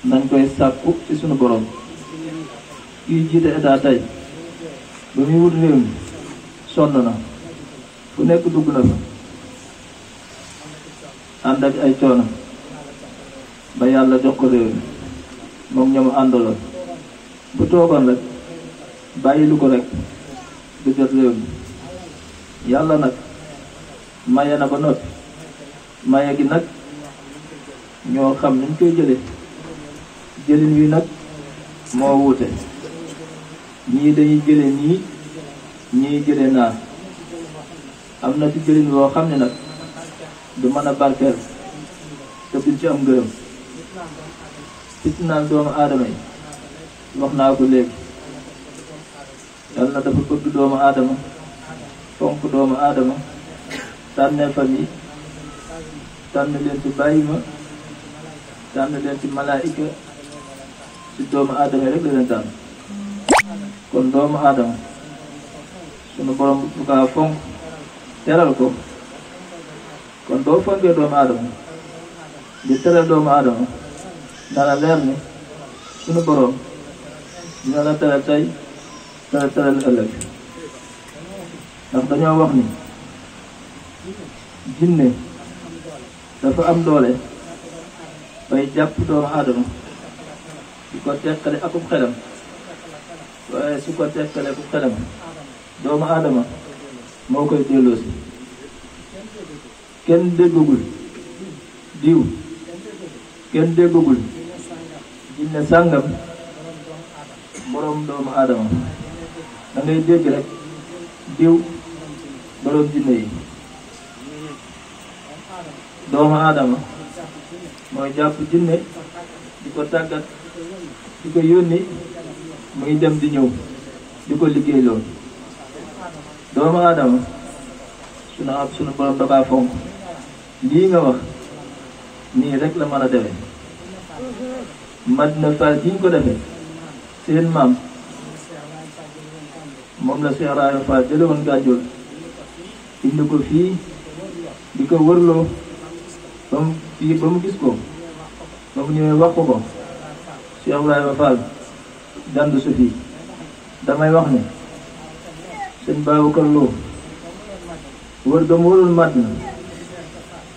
L: nañ koy sàkku ci sunu borom kii jiite état tey ba muy wut réew mi sonn na fu nekk dugg na fa ànd ak ay coono ba yàlla jox ko réew mi moom ñoomu àndaloon bu toogoon rek bàyyi ko rek du jot réew mi yàlla nag maye na ba noppi maye gi nag ñoo xam nañ koy jële jëlin wi nag moo wuute ñii dañuy jële nii ñii jële naa am na ci jëlin woo xam ne nag du mën a barkeel te duñ ci am ngërëm fitnaal doomu aadama yi wax naa ko léegi na dafa bëgg doomu aadama fonk doomu aadama tànnee yi tànn leen ci bàyyi ma tànn leen ci malaayika ci doomu aadama rek la leen tànn kon doomu aadama sunu borom bu fonk teral ko kon boo fonkee doomu aadama di teral doomu aadama dana leer ni sunu borom dina la teral tey dana teral ëllëg ndax dañoo wax ni jinne dafa am doole bay jàpp doomu aadama su ko teqale akum xelam waaye su ko teqale akum xelam doomu aadama moo koy delloosi kenn déggagul diw kenn déggagul jinne sàngam borom doomu aadama da dégg rek diw borom jinne yi doomu aadama mooy jàpp jinne di ko tàggat di ko yónni muy dem di ñëw di ko liggéey loolu doomu aadama sunu ab sunu borom da kaa fonk lii nga wax nii rek la mën a demee Madina Fall gi ñu ko defee seen maam moom la Cheikh Ibrahima Fall jële woon ko fii di ko wërloo ba fii ba mu gis ko ba mu ñëwee wax ko ko Cheikh Ibrahima Fall dand su fii damay wax ne sëñ Babacar wër ga mu wërul mat na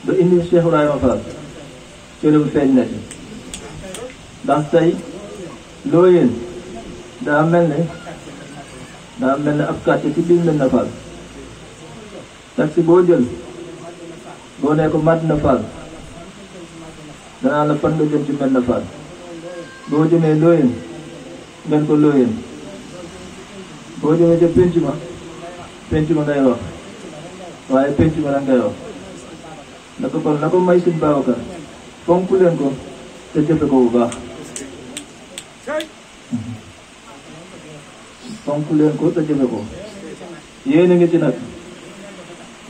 L: ba indi Cheikh Ibrahima Fall cërëm feeñ na ci ndax tey loo yéen daa mel ni daa mel ne ab quartier ci biir Médina Fall taxi boo jël boo ne ko Médina Fall danaa la fan nga jëm ci mel na faat boo jëmee looyeen mel ko looyeen boo jëmee ca penc ma penc ma ngay wax waaye penc ma la ngay wax la ko kon la ko may suñ Babacar ko te jëfe ko bu baax fonk leen ko te jëfe ko yéen a ngi ci nag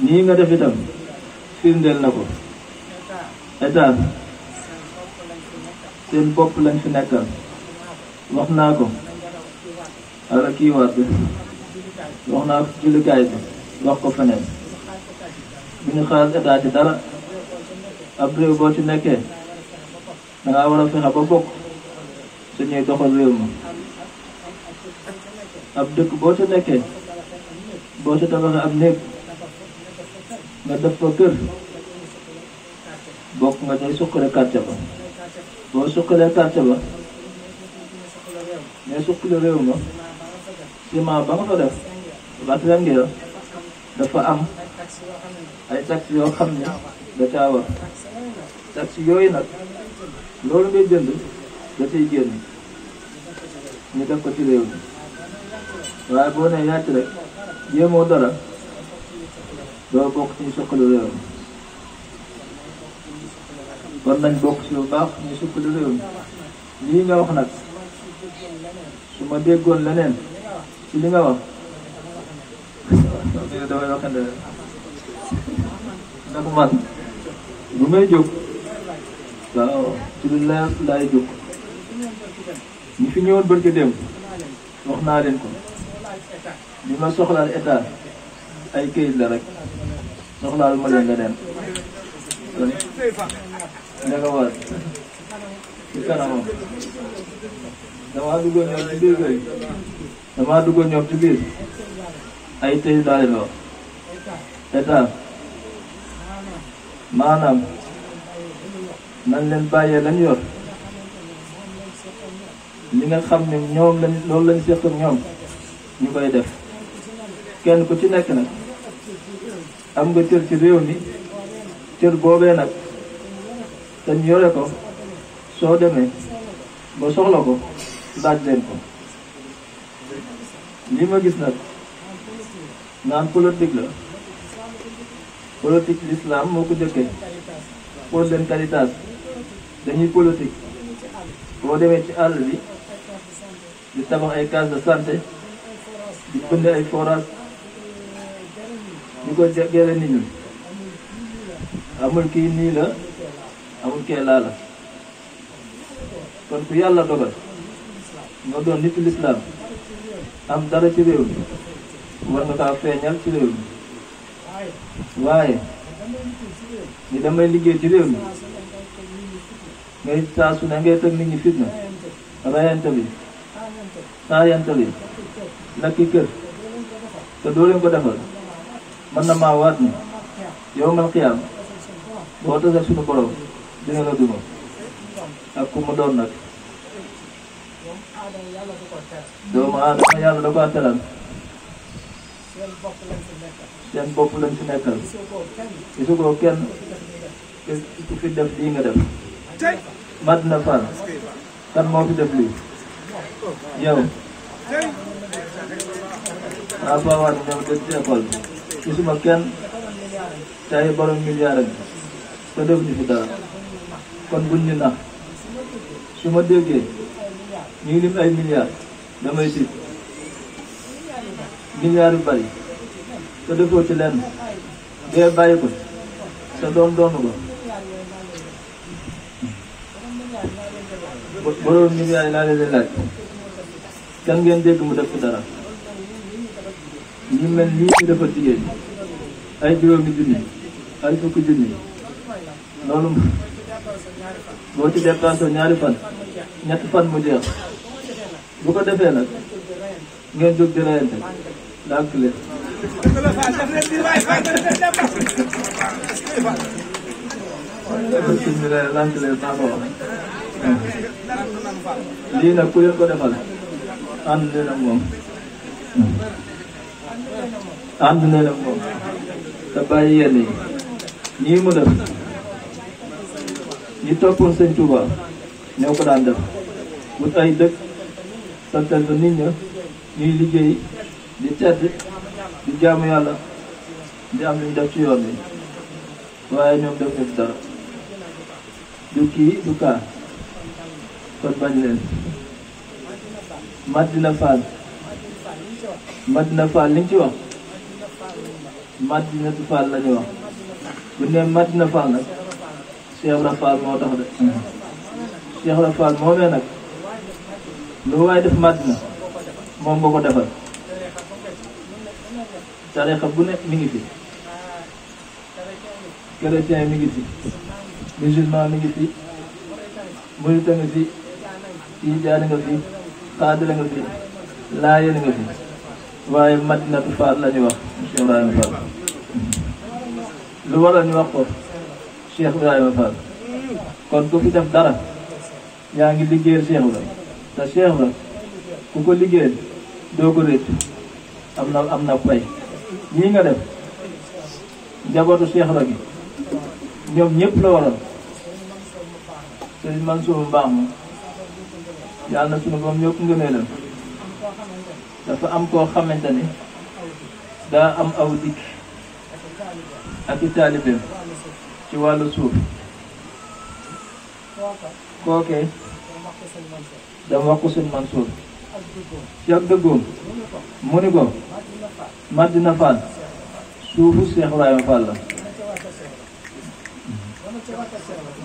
L: nii nga def itam na ko état seen bopp lañ fi nekkal wax naa ko ala kii war bi wax naa ko jullikaay bi wax ko feneen bu ñu xaar état ci dara ab réew boo ci nekkee dangaa war a fexe ba bokk suñuy doxal réew ma ab dëkk boo ci nekkee boo ci tabaxee ab néeg nga def ko kër bokk nga day suqale kàcce ba boo sukkalee quartier ba mais sukkale réew ma ciment ba nga fa def bâtiment bi dafa am ay taxes yoo xam ne da caa war taxes yooyu nag loolu ngay jënd da ciy génn ñu def ko ci réew mi waaye boo nee yàcc rek jéemoo dara doo bokk ci sukkale réew mi war nañ bokk ci bu baax ñu sukkali réew mi lii nga wax nag su ma déggoon leneen ci li nga wax damay waxande ndax man bu may jóg waaw ci lu leer laay jóg ñu fi ñëwoon bërki dem wax naa leen ko li ma soxlaal état ay këyit la rek soxlaal ma leen leneen Dalawa. Isa na mo. Namadugo niyo si Bigo eh. Namadugo niyo si Bigo. Ay ito yung dahil mo. Ito. Maanam. Nanlan baya lan yor. Li nga xam ne ñoom lañ loolu lañ seq ñoom ñu koy def kenn ku ci nekk nag am nga cër ci réew mi cër boobee nag te yore ko soo demee ba soxla ko laaj leen ko li ma gis nag naan politique la politique l'islam moo ko jëkkee pour dem Caritas dañuy politique boo demee ci àll bi di tabax ay case de santé di bënd ay forage di ko jegele nit ñi amul kii nii la waru cee laala kon ku yàlla dogal nga doon nitu lislaam am dara ci réew mi war nga kaa feeñal ci réew
E: mi waaye ni
L: damay liggéey mi ngay saasu ne ngay teg nit ñi fitna rayante bi saayante bi lakki kër te doo leen ko defal mën na maa waat ni yow mal xiyaam boo dina la duma ak doon nag doomu aadama yàlla da ko teral seen bopp lañ si nekkal gisu ku fi def lii nga def Madina Fall kan moo fi def lii yow waa Fawade ñoom def ci école bi gisuma kenn te ay borom milliards te def ñu fi kon buñ ñu nax su ma déggee ñu ngi lim ay milliards damay si milliards yu bari te defoo ci lenn dee bàyyi ko sa doom doonu ko borom milliards yi laa leen laaj kan ngeen dégg mu def ko dara ñu mel nii ñu defal jigéen ay juróomi junni ay fukki junni
E: loolu boo ci dépassé ñaari fan ñetti fan mu jeex
L: bu ko defee nag ngeen jóg di rayante dànk leen sëñ bi ne dànk leen naa ko wax lii nag ku leen ko defal ànd leen ak moom ànd leen ak moom te bàyyi yenn yi ñi toppoon sëñ Touba ñoo ko daan def wut ay dëkk santal ba nit ña ñuy liggéey di tedd di jaamu yàlla di am lu ñu def ci yoon bi waaye ñoom def nañ dara du kii du kaa kon bañ leen Madina Fall Madina Fall liñ ci wax Madina Fall lañu wax bu ne Madina Fall nag Cheikh Ibra Fall moo tax de Cheikh Ibra moomee nag lu waaye def màddina moom nga ko defal tarixa bu nekk mi ngi fi chrétien mi ngi fi musulman mi ngi fi murita nga fi tiijaan nga fi xaadira nga fi laayeen nga fi waaye Madinatu Fall la ñu wax Cheikh Ibrahima Fall lu waral ñu wax ko Cheikh Ibrahima Fall kon ku fi def dara yaa ngi liggéey Cheikh la te Cheikh la ku ko liggéeyal doo ko réccu am na am na pay ñii nga def njabootu Cheikh la ñoom ñëpp la waral sëñ Mansour mbaax ma yàlla na suñu boom ñëpp ngëneelam dafa am koo xamante ni daa am aw dikk ak taalibeem ci wàllu suuf kookee
E: dama wax ko sëñ Mansour
L: ci ak dëggoom mu ni ko Madina Fall suufu Cheikh Ibrahima Fall la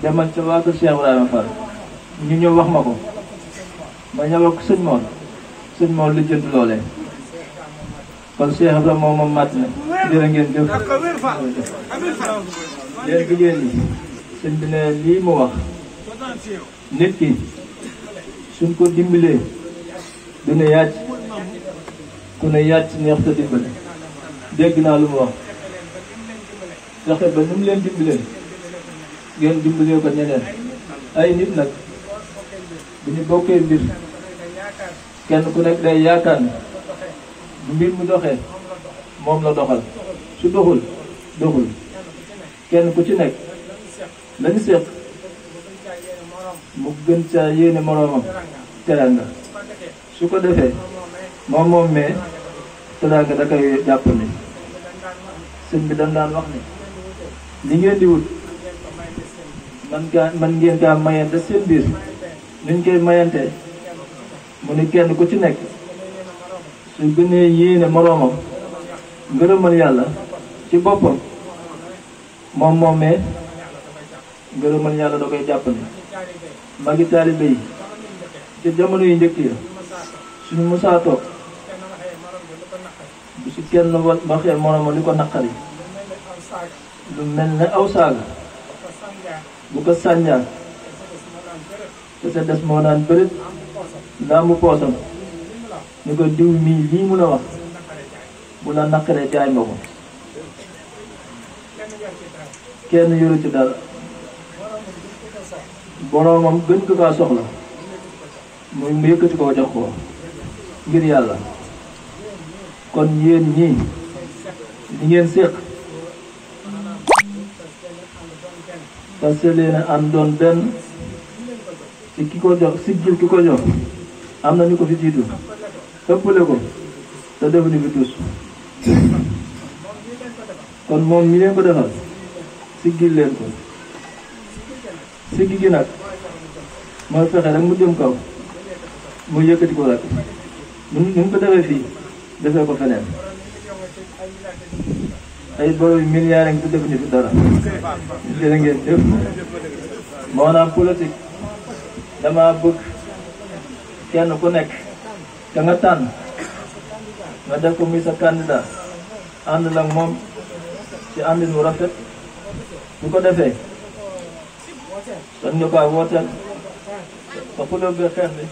L: demal ca waa kër Cheikh Ibrahima Fall ñëw wax ma ko ma ñëw wax sëñ moom sëñ moom li jënd loolee kon Cheikh Ibrahima moom moom Madina jërë jëf léegi jigéen ñi sëñ bi ne lii mu wax nit ki suñ ko dimbalee du ne yàcc ku ne yàcc neex sa dimbale dégg naa lu mu wax fexe ba nu leen dimbalee ngeen dimbalee ko ñeneen ay nit nag bu ñu bokkee mbir kenn ku nekk day yaakaar mbir mu doxee moom la doxal su doxul doxul kenn ku ci nekk lañu seq mu gën caa yéene moroomam teraanga su ko defee moom moom mais teraanga da koy jàpp ni bi dañ daan wax ni li ngeen di wut man gaa man ngeen gaa mayante seen biir nuñ koy mayente mu ni kenn ku ci nekk su gënee yéene moroomam ngërëmal yàlla ci boppam moom moomee ngërëmal yàlla da koy jàppale magi taalibe yi ca jamono yi njëkk ya suñu musaa toog bu si kenn waxee moromam li ko naqari lu mel ne aw saaga bu ko sànjaar te sa des moo naan bërëb ndaa mu poosam ñu ko diw mii lii mun a wax bu la naqaree jaay nga ko kenn yoru ci dara boroomam gën ko kaa soxla muy mu yëkkati koo jox ko ngir yàlla kon yéen ñii li ngeen séq parce que am doon benn ci ki ko jox siggil ki ko jox am na ñu ko fi jiitu ëppale ko te defuñu fi tus kon moom ñi leen ko defal siggil leen ko siggi gi nag mooy fexe rek mu jëm kaw mu yëkkati ko rek nu nu ko defee fii defee ko feneen ay boobu milliards yi nga def ni fi dara jërë ngeen jëf maanaam bëgg kenn ku nekk ka nga tànn nga def ko muy sa candidat ànd la moom ci àndin wu rafet su ko defee dan nga baax wooteel ba xuloo bi xeex bi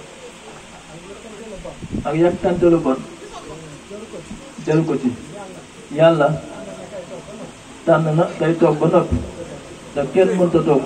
L: ak yàkkante lu bon jël ko ci yàlla tànn na day toog ba noppi te kenn mënta toog